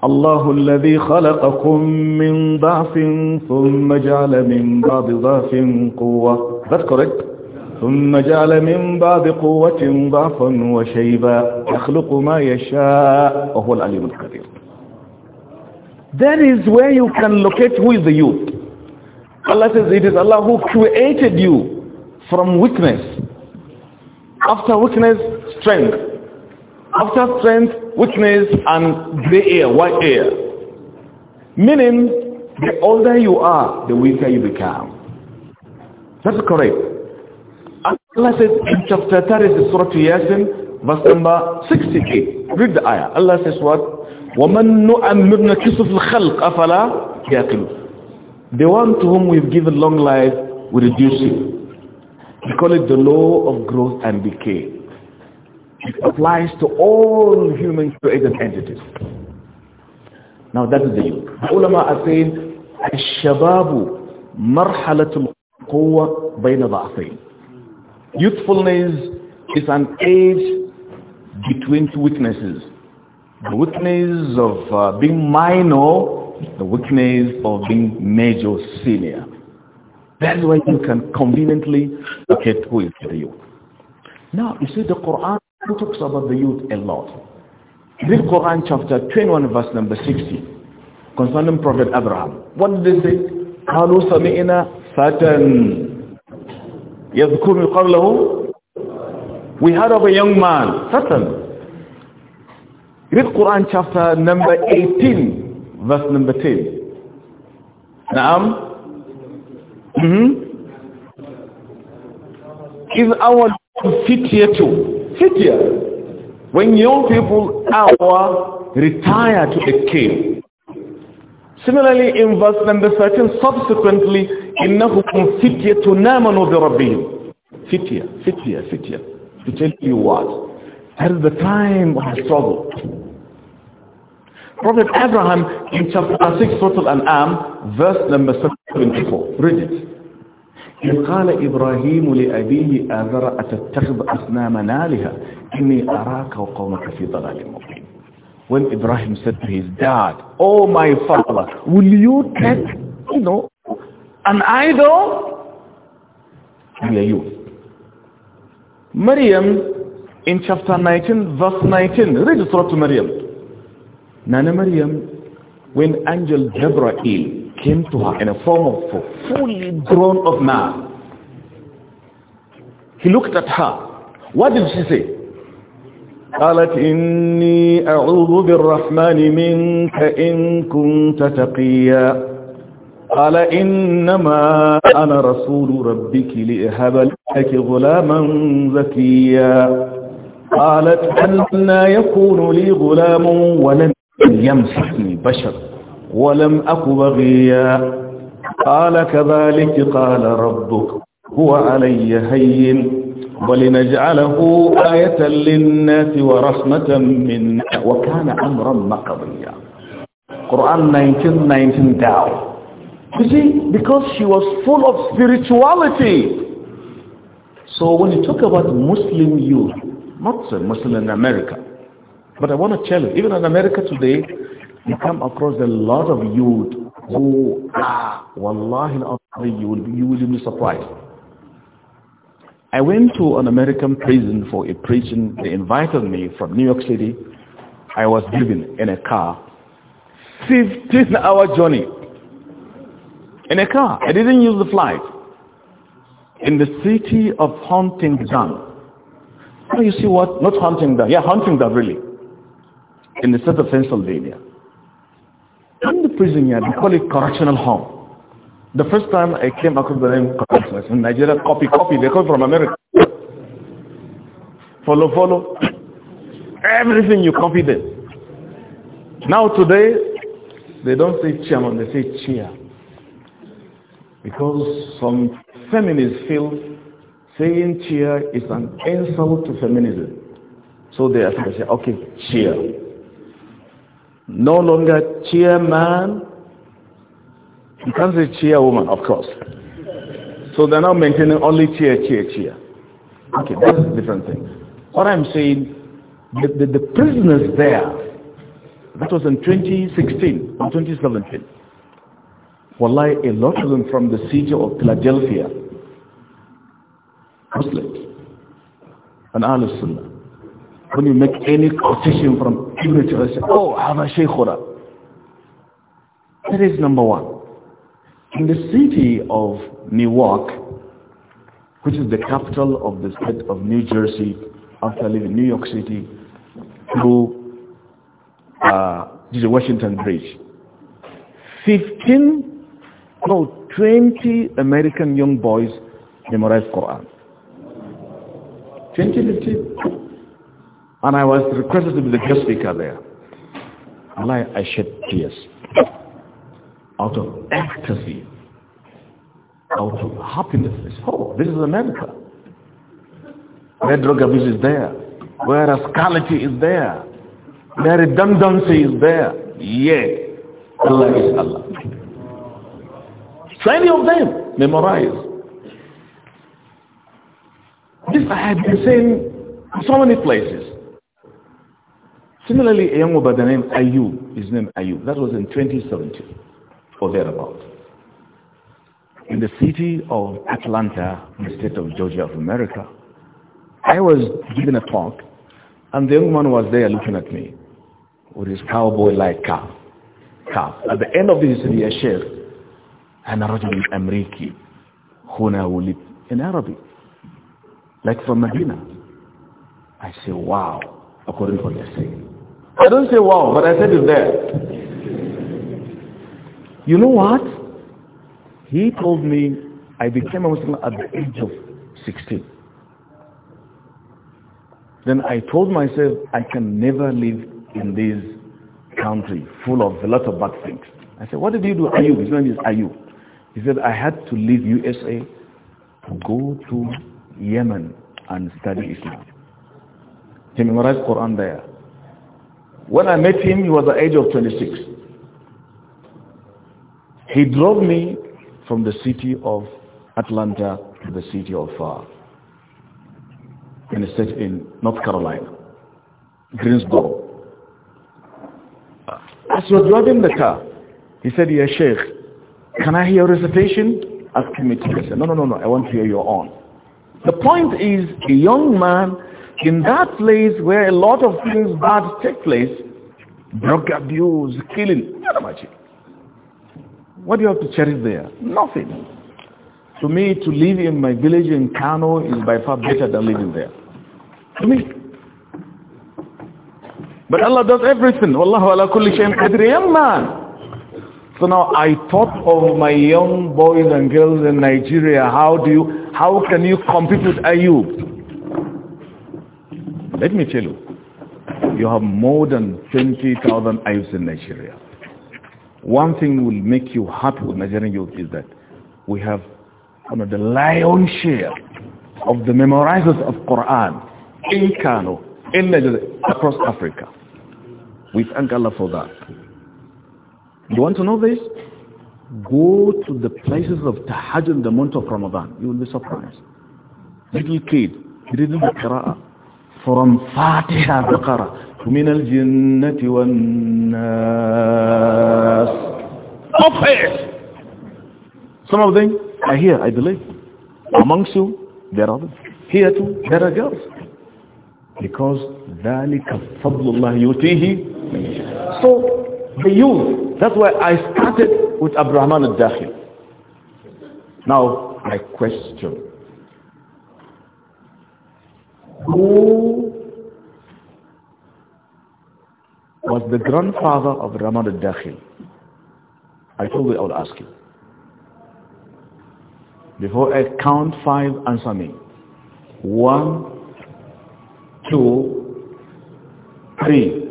الله الذي خلقكم من ضعف ثم جعل من بعض ضعف قوة That's correct ثم جعل من بعد قوة ضعفا وشيبا يخلق ما يشاء وهو العليم القدير That is where you can locate who is the youth. Allah says it is Allah who created you from weakness. After weakness, strength. After strength, weakness and gray air, white air. Meaning, the older you are, the weaker you become. That's correct. Allah says in chapter 30, Surah Yasin, verse number 68. Read the ayah. Allah says what? وَمَن نُعَمِّرْنَا كِسُفْ الْخَلْقِ أَفَلَا يَعْقِلُ The one to whom we've given long life, we reduce him. We call it the law of growth and decay. It applies to all human created entities. Now that is the youth. The ulama are saying, الشباب مرحلة القوة بين ضعفين. Youthfulness is an age between two weaknesses. The weakness of uh, being minor, the weakness of being major senior. That's why you can conveniently locate who is the youth. Now, you see, the Quran talks about the youth a lot. Read Quran chapter 21, verse number 60, concerning Prophet Abraham. What did they say? قبله we heard of a young man Satan read Quran chapter number 18 verse number 10 نعم mm-hmm. is our fitia too here, when young people our retire to a cave similarly in verse number 13 subsequently إنهم فتية آمنوا بربهم فتية فتية فتية to tell you what at the time of struggle Prophet Abraham in chapter 6 Surah Al-An'am verse number 74 read it إن قال إبراهيم لأبيه آذر أتتخذ أصنامنا آلهة إني أراك وقومك في ضلال مبين When Ibrahim said to his dad, Oh my father, will you take, you know, an idol and your youth. Maryam in chapter 19 verse 19 read the story to Maryam. Nana Maryam when angel Gabriel came to her in a form of a fully grown of man he looked at her what did she say قالت إني أعوذ بالرحمن منك إن كنت تقيا قال إنما أنا رسول ربك لأهب لك غلاما زكيا قالت أنا لا يكون لي غلام ولم يمسحني بشر ولم أك بغيا قال كذلك قال ربك هو علي هين ولنجعله آية للناس ورحمة منا وكان أمرا مقضيا قرآن 19 19 دعوه You see, because she was full of spirituality. So when you talk about Muslim youth, not Muslim in America, but I want to tell you, even in America today, you come across a lot of youth who are, wallahi, you will, be, you will be surprised. I went to an American prison for a preaching. They invited me from New York City. I was driven in a car. 15-hour journey in a car. I didn't use the flight. In the city of Huntingdon. you see what? Not Huntingdon. Yeah, Huntingdon, really. In the state of Pennsylvania. In the prison yard, they call it correctional home. The first time I came across the name correctional in Nigeria, copy, copy. They come from America. Follow, follow. Everything you copy them. Now today, they don't say chairman, they say chair. Because some feminists feel saying cheer is an insult to feminism. So they are saying, okay, cheer. No longer cheer man. You can't say woman, of course. So they're now maintaining only cheer, cheer, cheer. Okay, that's a different thing. What I'm saying, the, the, the prisoners there, that was in 2016 or 2017, Wallahi, a lot of them from the city of Philadelphia, Muslims, and Ahlul Sunnah. When you make any quotation from Ibn Taymiyyah, say, oh, a Shaykhura. That is number one. In the city of Newark, which is the capital of the state of New Jersey, after leaving New York City through uh, the Washington Bridge, 15 quote, 20 American young boys memorized Quran. 2015. And I was requested to be the guest speaker there. And I, I shed tears out of ecstasy, out of happiness. Oh, this is America. Where drug abuse is there, where rascality is there, where redundancy is there. Yet, Allah is Allah. Any of them memorize. This I have been saying in so many places. Similarly, a young man by the name Ayub, his name Ayub, that was in 2017 or thereabout. In the city of Atlanta, in the state of Georgia of America, I was giving a talk and the young man was there looking at me with his cowboy-like cap. cap. At the end of this, he said, yes, أنا رجل أمريكي هنا ولد in Arabic like from Medina I say wow according to what they say I don't say wow but I said it there you know what he told me I became a Muslim at the age of 16 then I told myself I can never live in this country full of a lot of bad things I said what did you do Ayub his name is Ayub he said, I had to leave USA to go to Yemen and study Islam. He memorized Quran there. When I met him, he was the age of 26. He drove me from the city of Atlanta to the city of Far, uh, in a state in North Carolina, Greensboro. As he was driving the car, he said, Yeah, Sheikh, can I hear a recitation? Asking me to listen. No, no, no, no. I want to hear your own. The point is, a young man in that place where a lot of things bad take place, drug abuse, killing, not much. What do you have to cherish there? Nothing. To me, to live in my village in Kano is by far better than living there. To me. But Allah does everything. Wallahu ala kulli shayin qadir. Young man, so now I thought of my young boys and girls in Nigeria, how do you, how can you compete with Ayub? Let me tell you, you have more than 20,000 Ayubs in Nigeria. One thing will make you happy with Nigerian youth is that we have you know, the lion's share of the memorizers of Quran in Kano, in Nigeria, across Africa. We thank Allah for that. You want to know this? Go to the places of tahajjud in the month of Ramadan. You will be surprised. Little kid reading the Qur'an from Fatiha Baqarah to min al-jinnati wan-nas. Office! Some of them are here, I believe. Amongst you, there are others. Here too, there are girls. Because ذَلِكَ فَضْلُ اللَّهِ يُتِيهِ So the youth. That's why I started with Abraham al-Dakhil. Now, I question. Who was the grandfather of Rahman al-Dakhil? I told you I would ask you. Before I count five, answer me. One, two, three.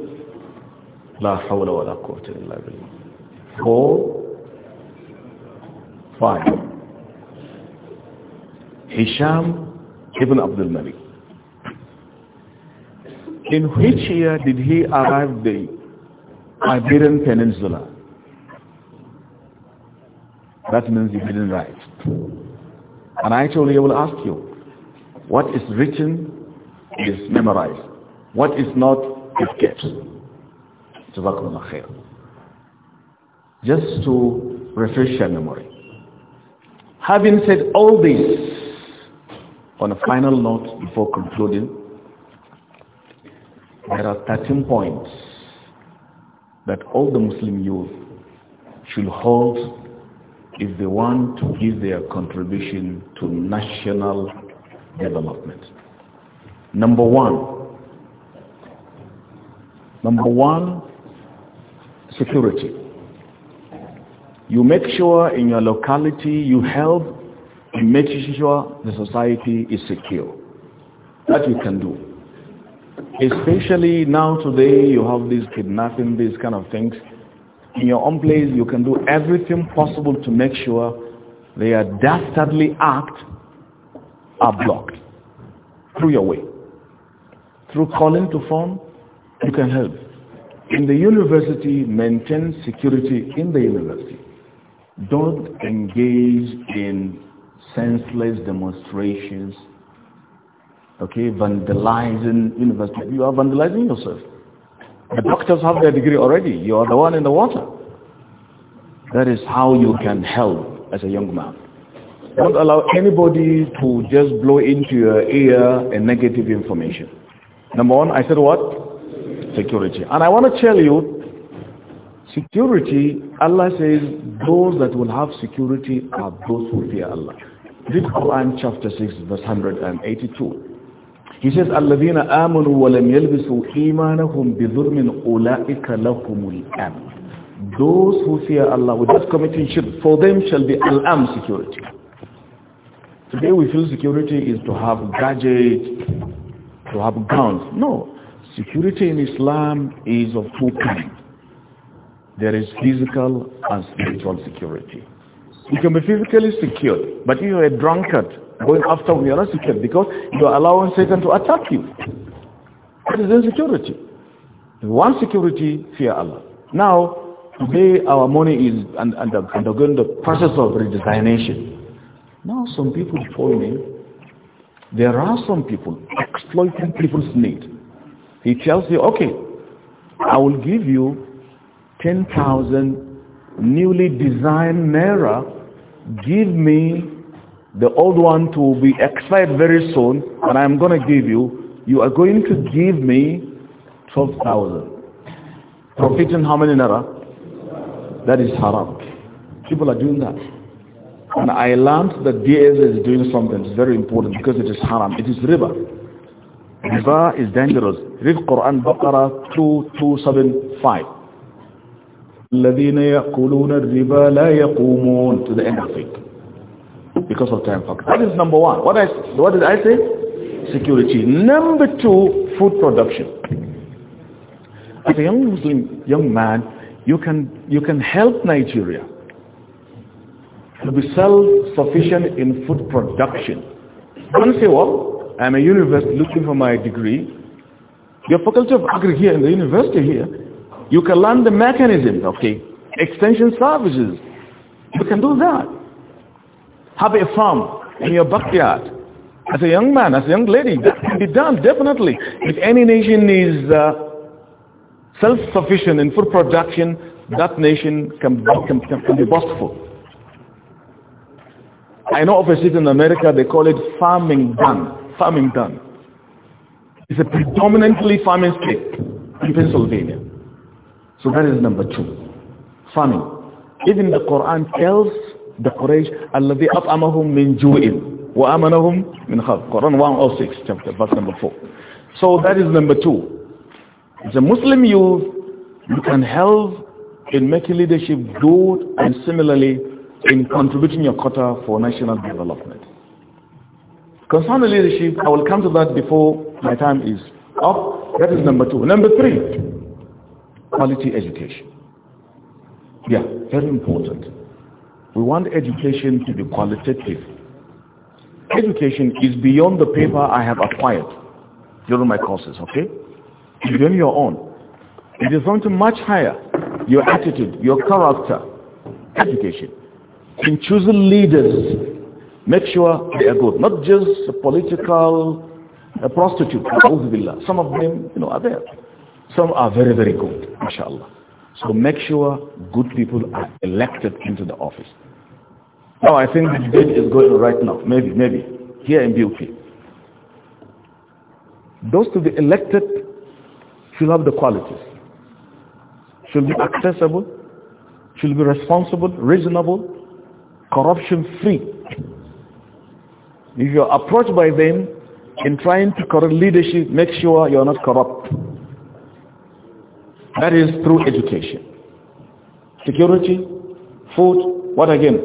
لا حول ولا قوة إلا بالله four five Hisham ibn Abdul Malik in which year did he arrive the Iberian Peninsula that means he didn't write and actually I will ask you what is written is memorized what is not kept khair. Just to refresh your memory. Having said all this, on a final note before concluding, there are 13 points that all the Muslim youth should hold if they want to give their contribution to national development. Number one, number one security. You make sure in your locality you help and make sure the society is secure. That you can do. Especially now today you have these kidnapping, these kind of things. In your own place you can do everything possible to make sure they are dastardly acts are blocked through your way. Through calling to phone, you can help in the university, maintain security in the university. Don't engage in senseless demonstrations, okay, vandalizing university. You are vandalizing yourself. The doctors have their degree already. You are the one in the water. That is how you can help as a young man. Don't allow anybody to just blow into your ear a negative information. Number one, I said what? security. And I want to tell you, security, Allah says, those that will have security are those who fear Allah. Read Quran chapter 6, verse 182. He says, الَّذِينَ آمَنُوا وَلَمْ يَلْبِسُوا إِيمَانَهُمْ بِظُلْمٍ أُولَٰئِكَ لَهُمُ الْأَمْنُ Those who fear Allah without committing shirk, for them shall be al-am security. Today we feel security is to have gadgets, to have guns. No, Security in Islam is of two kinds. There is physical and spiritual security. You can be physically secure, but if you're a drunkard going after when you're not secure because you're allowing Satan to attack you. That is insecurity. One security, fear Allah. Now, today our money is undergoing the process of redesignation. Now some people fall in. There are some people exploiting people's need he tells you, okay, I will give you 10,000 newly designed naira. Give me the old one to be expired very soon, and I'm going to give you. You are going to give me 12,000. in how many naira? That is haram. People are doing that. And I learned that DSA is doing something. It's very important because it is haram. It is riba. Riba is dangerous. Read Quran Baqarah 2275. الَّذِينَ يَأْكُلُونَ الرِّبَا لَا يَقُومُونَ To the end of it. Because of time factor. That is number one. What, I, what did I say? Security. Number two, food production. As a young Muslim, young man, you can, you can help Nigeria to be self-sufficient in food production. Don't say what? I'm a university looking for my degree. Your faculty of agri here in the university here, you can learn the mechanisms, okay? Extension services. You can do that. Have a farm in your backyard. As a young man, as a young lady, that can be done, definitely. If any nation is uh, self-sufficient in food production, that nation can, can, can be boastful. I know of a city in America, they call it farming done farming done. It's a predominantly farming state in Pennsylvania. So that is number two, farming. Even the Quran tells the Quraysh, الَّذِي أَطْعَمَهُمْ مِنْ جُوءٍ وَأَمَنَهُمْ مِنْ خَلْقٍ Quran 106, chapter, verse number 4. So that is number two. As a Muslim youth, you can help in making leadership good and similarly in contributing your quota for national development. Concerning leadership, I will come to that before my time is up. That is number two. Number three, quality education. Yeah, very important. We want education to be qualitative. Education is beyond the paper I have acquired during my courses, okay? It's your own. It is something much higher. Your attitude, your character, education. In choosing leaders, Make sure they are good, not just political uh, prostitutes. Some of them, you know, are there. Some are very, very good, mashallah. So make sure good people are elected into the office. Now I think the debate is going right now, maybe, maybe, here in BUK. Those to be elected should have the qualities. Should be accessible, should be responsible, reasonable, corruption free. If you are approached by them in trying to correct leadership, make sure you are not corrupt. That is through education. Security, food, what again?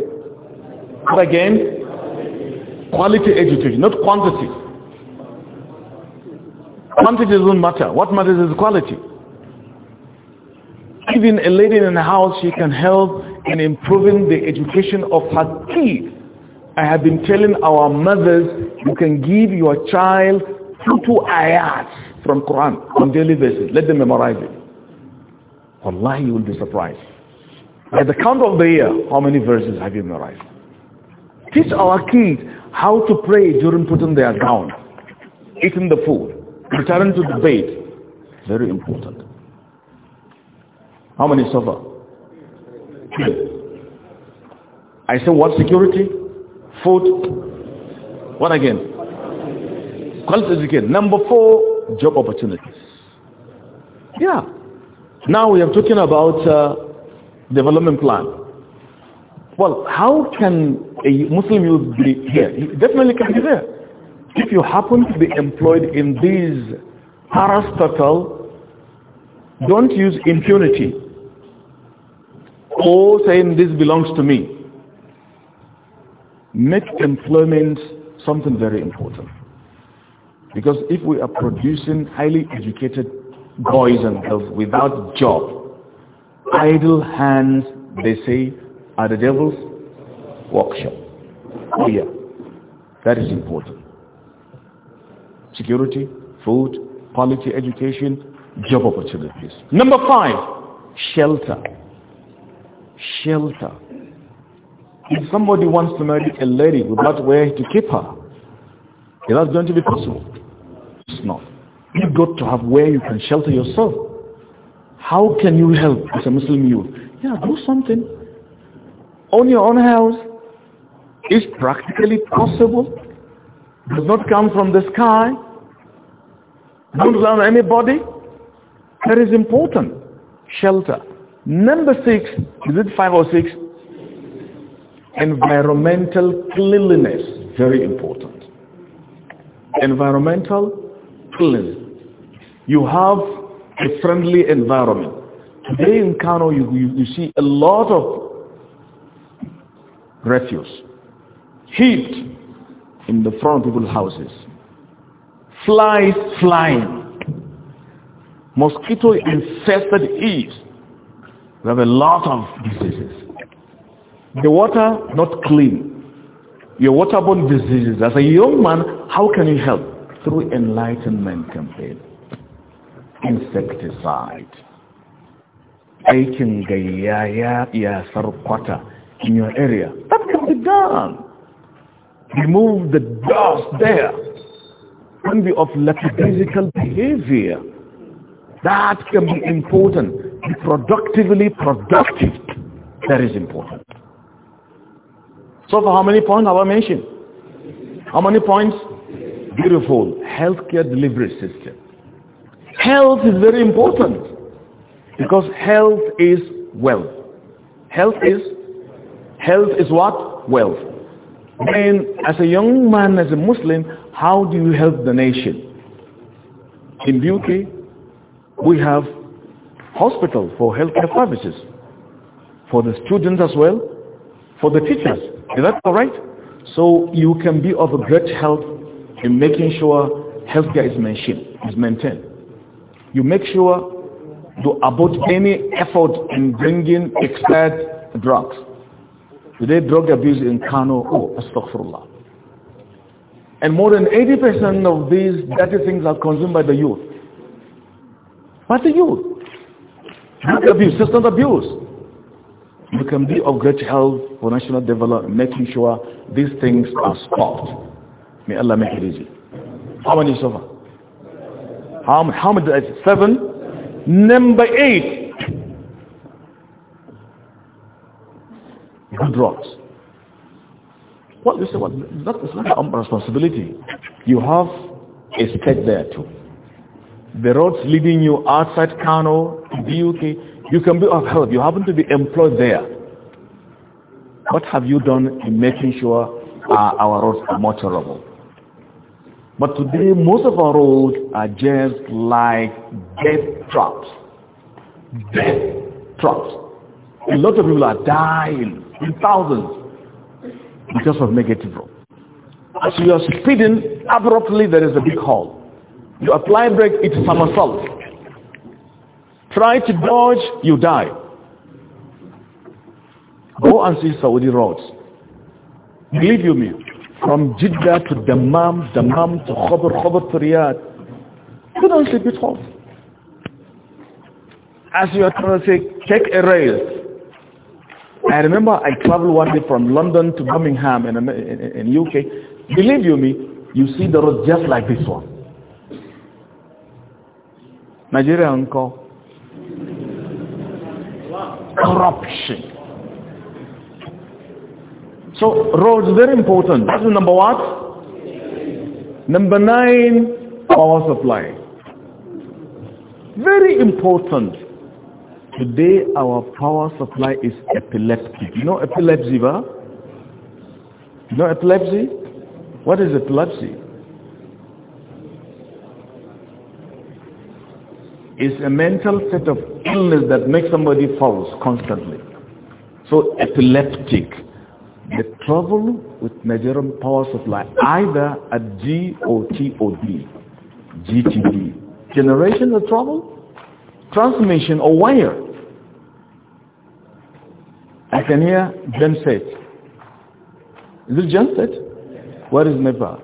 What again? Quality education, not quantity. Quantity doesn't matter. What matters is quality. Even a lady in the house, she can help in improving the education of her kids I have been telling our mothers, you can give your child two, two ayats from Quran on daily basis. Let them memorize it. Allah, you will be surprised. At the count of the year, how many verses have you memorized? Teach our kids how to pray during putting their gown, eating the food, returning to the bed. Very important. How many suffer? I say what security? Food. what again? Quality education. Number four, job opportunities. Yeah. Now we are talking about uh, development plan. Well, how can a Muslim youth be here? He definitely can be there. If you happen to be employed in these parastatal, don't use impunity or oh, saying this belongs to me make employment something very important. Because if we are producing highly educated boys and girls without job, idle hands, they say, are the devil's workshop. Oh yeah, that is important. Security, food, quality education, job opportunities. Number five, shelter. Shelter if somebody wants to marry a lady without where to keep her, is that going to be possible? It's not. You've got to have where you can shelter yourself. How can you help as a Muslim youth? Yeah, do something. Own your own house. It's practically possible. Does not come from the sky. Don't rely on anybody. That is important. Shelter. Number six, is it five or six? Environmental cleanliness, very important. Environmental cleanliness. You have a friendly environment. Today in Kano, you, you, you see a lot of refuse heaped in the front of people's houses. Flies flying. Mosquito infested eaves. We have a lot of diseases. The water not clean. Your waterborne diseases. As a young man, how can you help? Through enlightenment campaign. Insecticide. Aching, gayaya yasar kwata in your area. That can be done. Remove the dust there. Can be of physical behavior. That can be important. Be productively productive. That is important. So for how many points have I mentioned? How many points? Beautiful. Healthcare delivery system. Health is very important because health is wealth. Health is health is what? Wealth. And as a young man, as a Muslim, how do you help the nation? In beauty, we have hospital for healthcare services, for the students as well, for the teachers. Is that all right? So you can be of a great help in making sure healthcare is maintained. Is maintained. You make sure to abort any effort in bringing expired drugs. Today, drug abuse in Kano, oh, astaghfirullah. And more than 80% of these dirty things are consumed by the youth. But the youth. Drug abuse, system abuse you can be of great help for national development, making sure these things are stopped. May Allah make it easy. How many so far? How, how many? Seven? Number eight. Good drugs. What you say, What? that is not your responsibility. You have a stake there too. The roads leading you outside Kano, the UK, you can be of help. You happen to be employed there. What have you done in making sure uh, our roads are more terrible? But today, most of our roads are just like death traps. Death traps. A lot of people are dying in thousands because of negative roads. As you are speeding, abruptly there is a big hole. You apply brake, it somersaults. Try to dodge, you die. Go and see Saudi roads. Believe you me, from Jeddah to Dammam, Dammam to Khobar, Khobar to Riyadh, you don't sleep at all. As you are trying to say, take a rail, I remember I traveled one day from London to Birmingham in, in, in, UK. Believe you me, you see the road just like this one. Nigeria uncle, corruption. So roads very important. That's number what? Number nine, power supply. Very important. Today our power supply is epileptic. You know epilepsy, You know epilepsy? What is epilepsy? is a mental state of illness that makes somebody false constantly. So epileptic. The trouble with Nigerian power supply, either at G or T or D, GTD, generation of trouble, transmission or wire. I can hear genset. Is it genset? What is NEPA?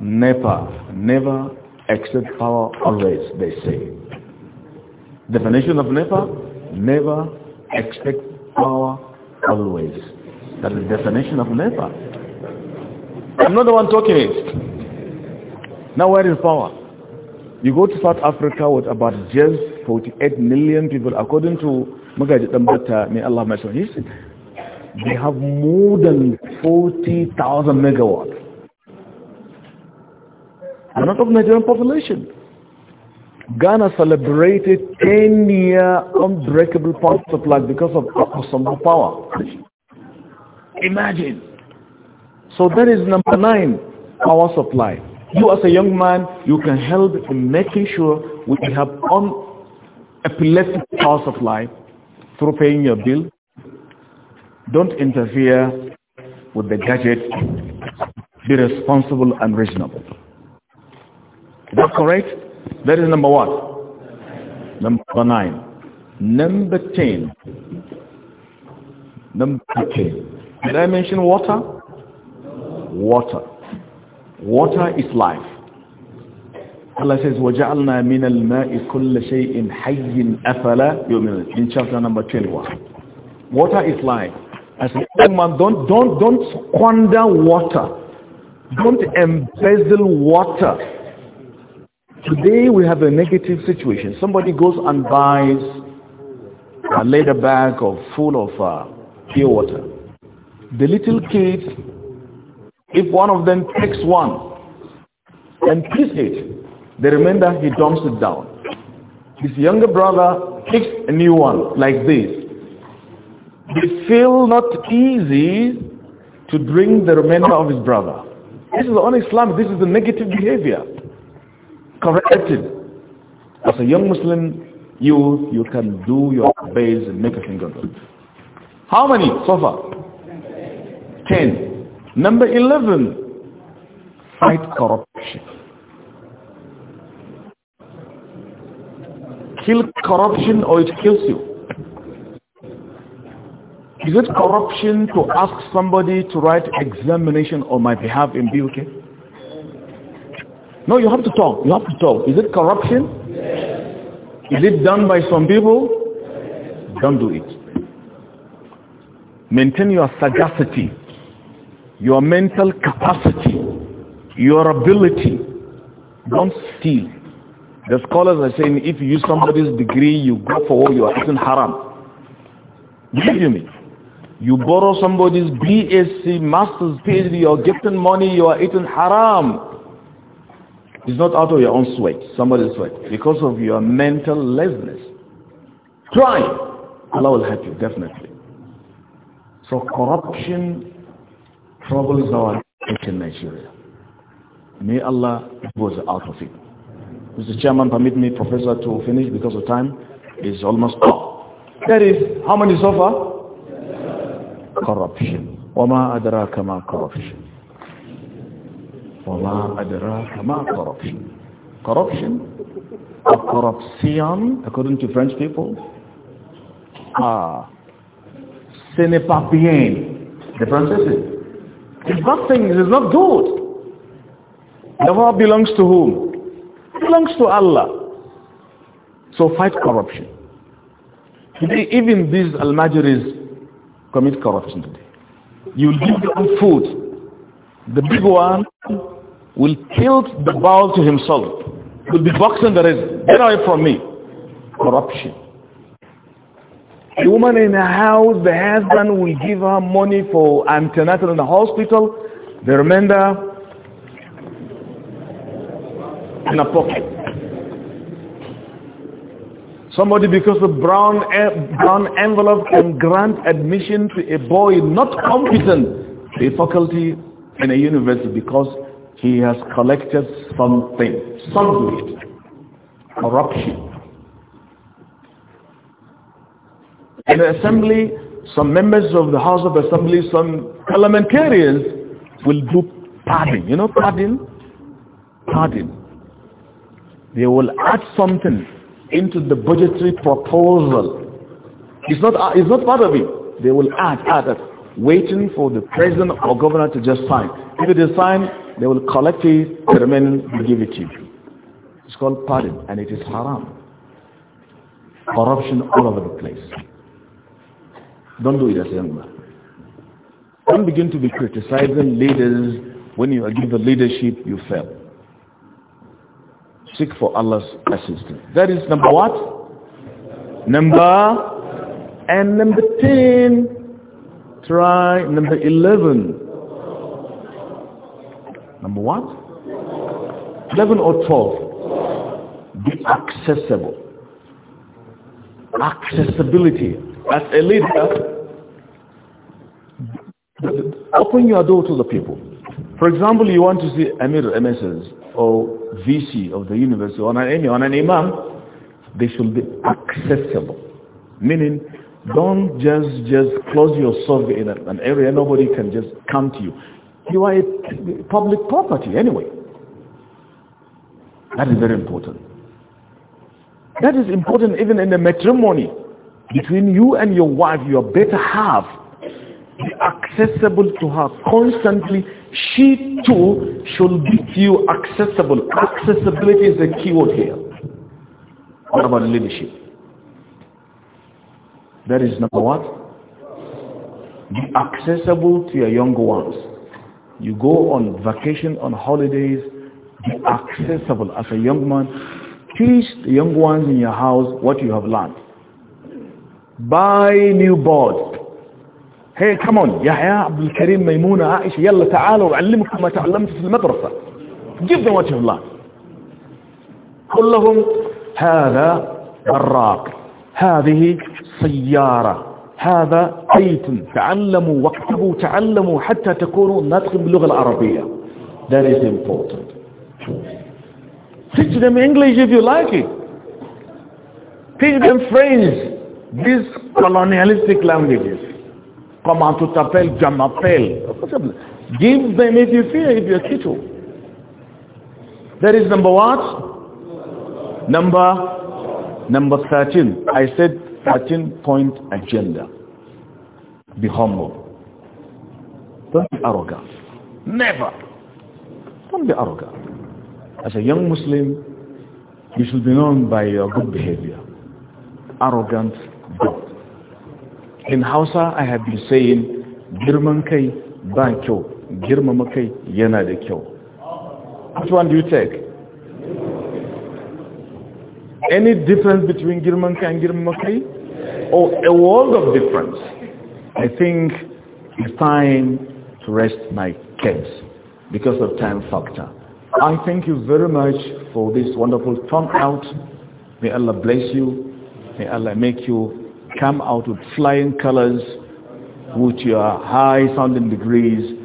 NEPA, never accept power always, they say. Definition of never? Never expect power always. That is definition of never. I'm not the one talking it. Now where is power? You go to South Africa with about just 48 million people according to Magaji Dambata, may Allah mercy He they have more than 40,000 megawatts. A not of Nigerian population. Ghana celebrated 10-year unbreakable power supply because of Akosombo power. Imagine. So that is number nine, power supply. You as a young man, you can help in making sure we have on epileptic power supply through paying your bill. Don't interfere with the gadget. Be responsible and reasonable. Is that correct? That is number what? Number nine. Number ten. Number ten. Did I mention water? Water. Water is life. Allah says, وَجَعَلْنَا مِنَ الْمَاءِ كُلَّ شَيْءٍ حَيٍّ أَفَلَا يُؤْمِنُونَ In chapter number 21. Water is life. I said, Oh man, don't, don't, don't squander water. Don't embezzle water Today we have a negative situation. Somebody goes and buys a leather bag of full of uh, pure water. The little kids, if one of them takes one and picks it, the remainder he dumps it down. His younger brother takes a new one like this. They feel not easy to bring the remainder of his brother. This is un-Islamic. This is the negative behavior corrected. As a young Muslim youth, you can do your best and make a finger good. How many so far? Ten. Number eleven, fight corruption. Kill corruption or it kills you. Is it corruption to ask somebody to write examination on my behalf in BUK? No, you have to talk. You have to talk. Is it corruption? Is it done by some people? Don't do it. Maintain your sagacity, your mental capacity, your ability. Don't steal. The scholars are saying if you use somebody's degree, you go for all your eating haram. Believe me. You borrow somebody's BSc, master's PhD, you're getting money, you are eating haram. It's not out of your own sweat, somebody's sweat. Because of your mental laziness. Try. Allah will help you, definitely. So corruption troubles our nation, Nigeria. May Allah was out of it. Mr. Chairman, permit me, Professor, to finish because of time is almost up. That is, how many so far? Corruption. وَمَا أَدْرَاكَ مَا corruption. وَمَا أَدْرَاكَ مَا corruption. Corruption corruption, according to French people, ah, ce n'est pas bien. The say It's not things, it's not good. The belongs to whom? It belongs to Allah. So fight corruption. Today, even these Almajiris commit corruption today. You give them food. The big one will tilt the ball to himself, will be boxing the Get away from me. Corruption. A woman in a house, the husband will give her money for antenatal in the hospital. The remainder in a pocket. Somebody because the brown, eh, brown envelope can grant admission to a boy not competent to a faculty in a university because he has collected something, something, corruption. In the assembly, some members of the House of Assembly, some parliamentarians will do padding. You know padding? Padding. They will add something into the budgetary proposal. It's not, it's not part of it. They will add, add, add, waiting for the president or governor to just sign. If it is signed, they will collect it, the remaining will give it to you. It's called pardon, and it is haram. Corruption all over the place. Don't do it as a young man. Don't begin to be criticizing leaders when you are given leadership, you fail. Seek for Allah's assistance. That is number what? Number and number 10, try number 11. Number one, 11 or 12. Be accessible. Accessibility. As a leader, open your door to the people. For example, you want to see Amir MSs or VC of the university or an, or an imam, they should be accessible. Meaning, don't just just close yourself in an area. Nobody can just come to you. You are a public property anyway. That is very important. That is important even in the matrimony. Between you and your wife, your better half, be accessible to her constantly. She too should be to you accessible. Accessibility is the key word here. What about leadership? That is number one. Be accessible to your younger ones. you go on vacation, on holidays, be accessible as a young man. Teach the young ones in your house what you have learned. Buy new boards. Hey, come on. Yahya, Abdul الكريم ميمونة Aisha, yalla, تعالوا أعلمكم ما تعلمت في المدرسة. Give them what you have learned. قل لهم هذا براق هذه سيارة هذا بيت تعلموا واكتبوا تعلموا حتى تكونوا ناطق باللغة العربية that is important teach them English if you like it teach them French these colonialistic languages comment tu t'appelles je m'appelle give them if you feel if you're kiddo that is number what number number 13 I said 13-point agenda. Be humble. Don't be arrogant. Never. Don't be arrogant. As a young Muslim, you should be known by your good behavior. Arrogant, God. In Hausa, I have been saying, girman kai ba kyau, girmama kai yana da kyau. Which one do you take? Any difference between Girmanka and Girmamakri? Oh, a world of difference. I think it's time to rest my case because of time factor. I thank you very much for this wonderful turnout. May Allah bless you. May Allah make you come out with flying colors with your high sounding degrees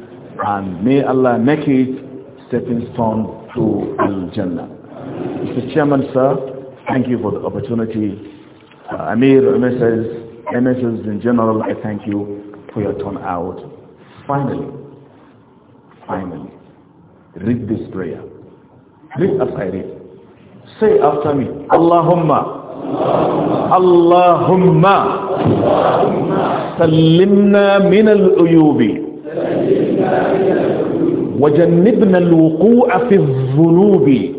and may Allah make it stepping stone to Al-Jannah. Mr. Chairman, sir, Thank you for the opportunity. Uh, Amir, MSS, MSS in general, I thank you for your turnout. Finally, finally, read this prayer. Read as I read. Say after me, Allahumma, Allahumma, سلمنا من al وجنبنا fi al الذنوب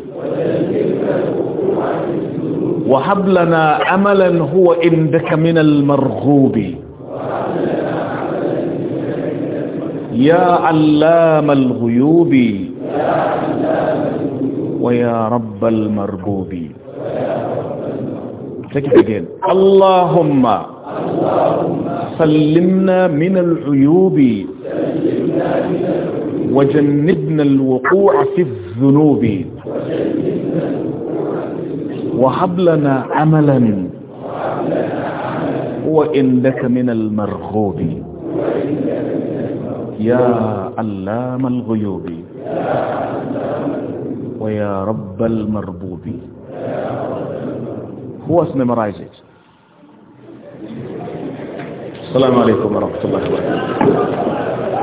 وهب لنا املا هو عندك من المرغوب يا علام الغيوب ويا رب المربوب اللهم سلمنا من العيوب وجنبنا الوقوع في الذنوب وهب لنا عملا وإنك من المرغوب يا علام الغيوب ويا رب المربوب هو اسم مرايزي السلام عليكم ورحمة الله وبركاته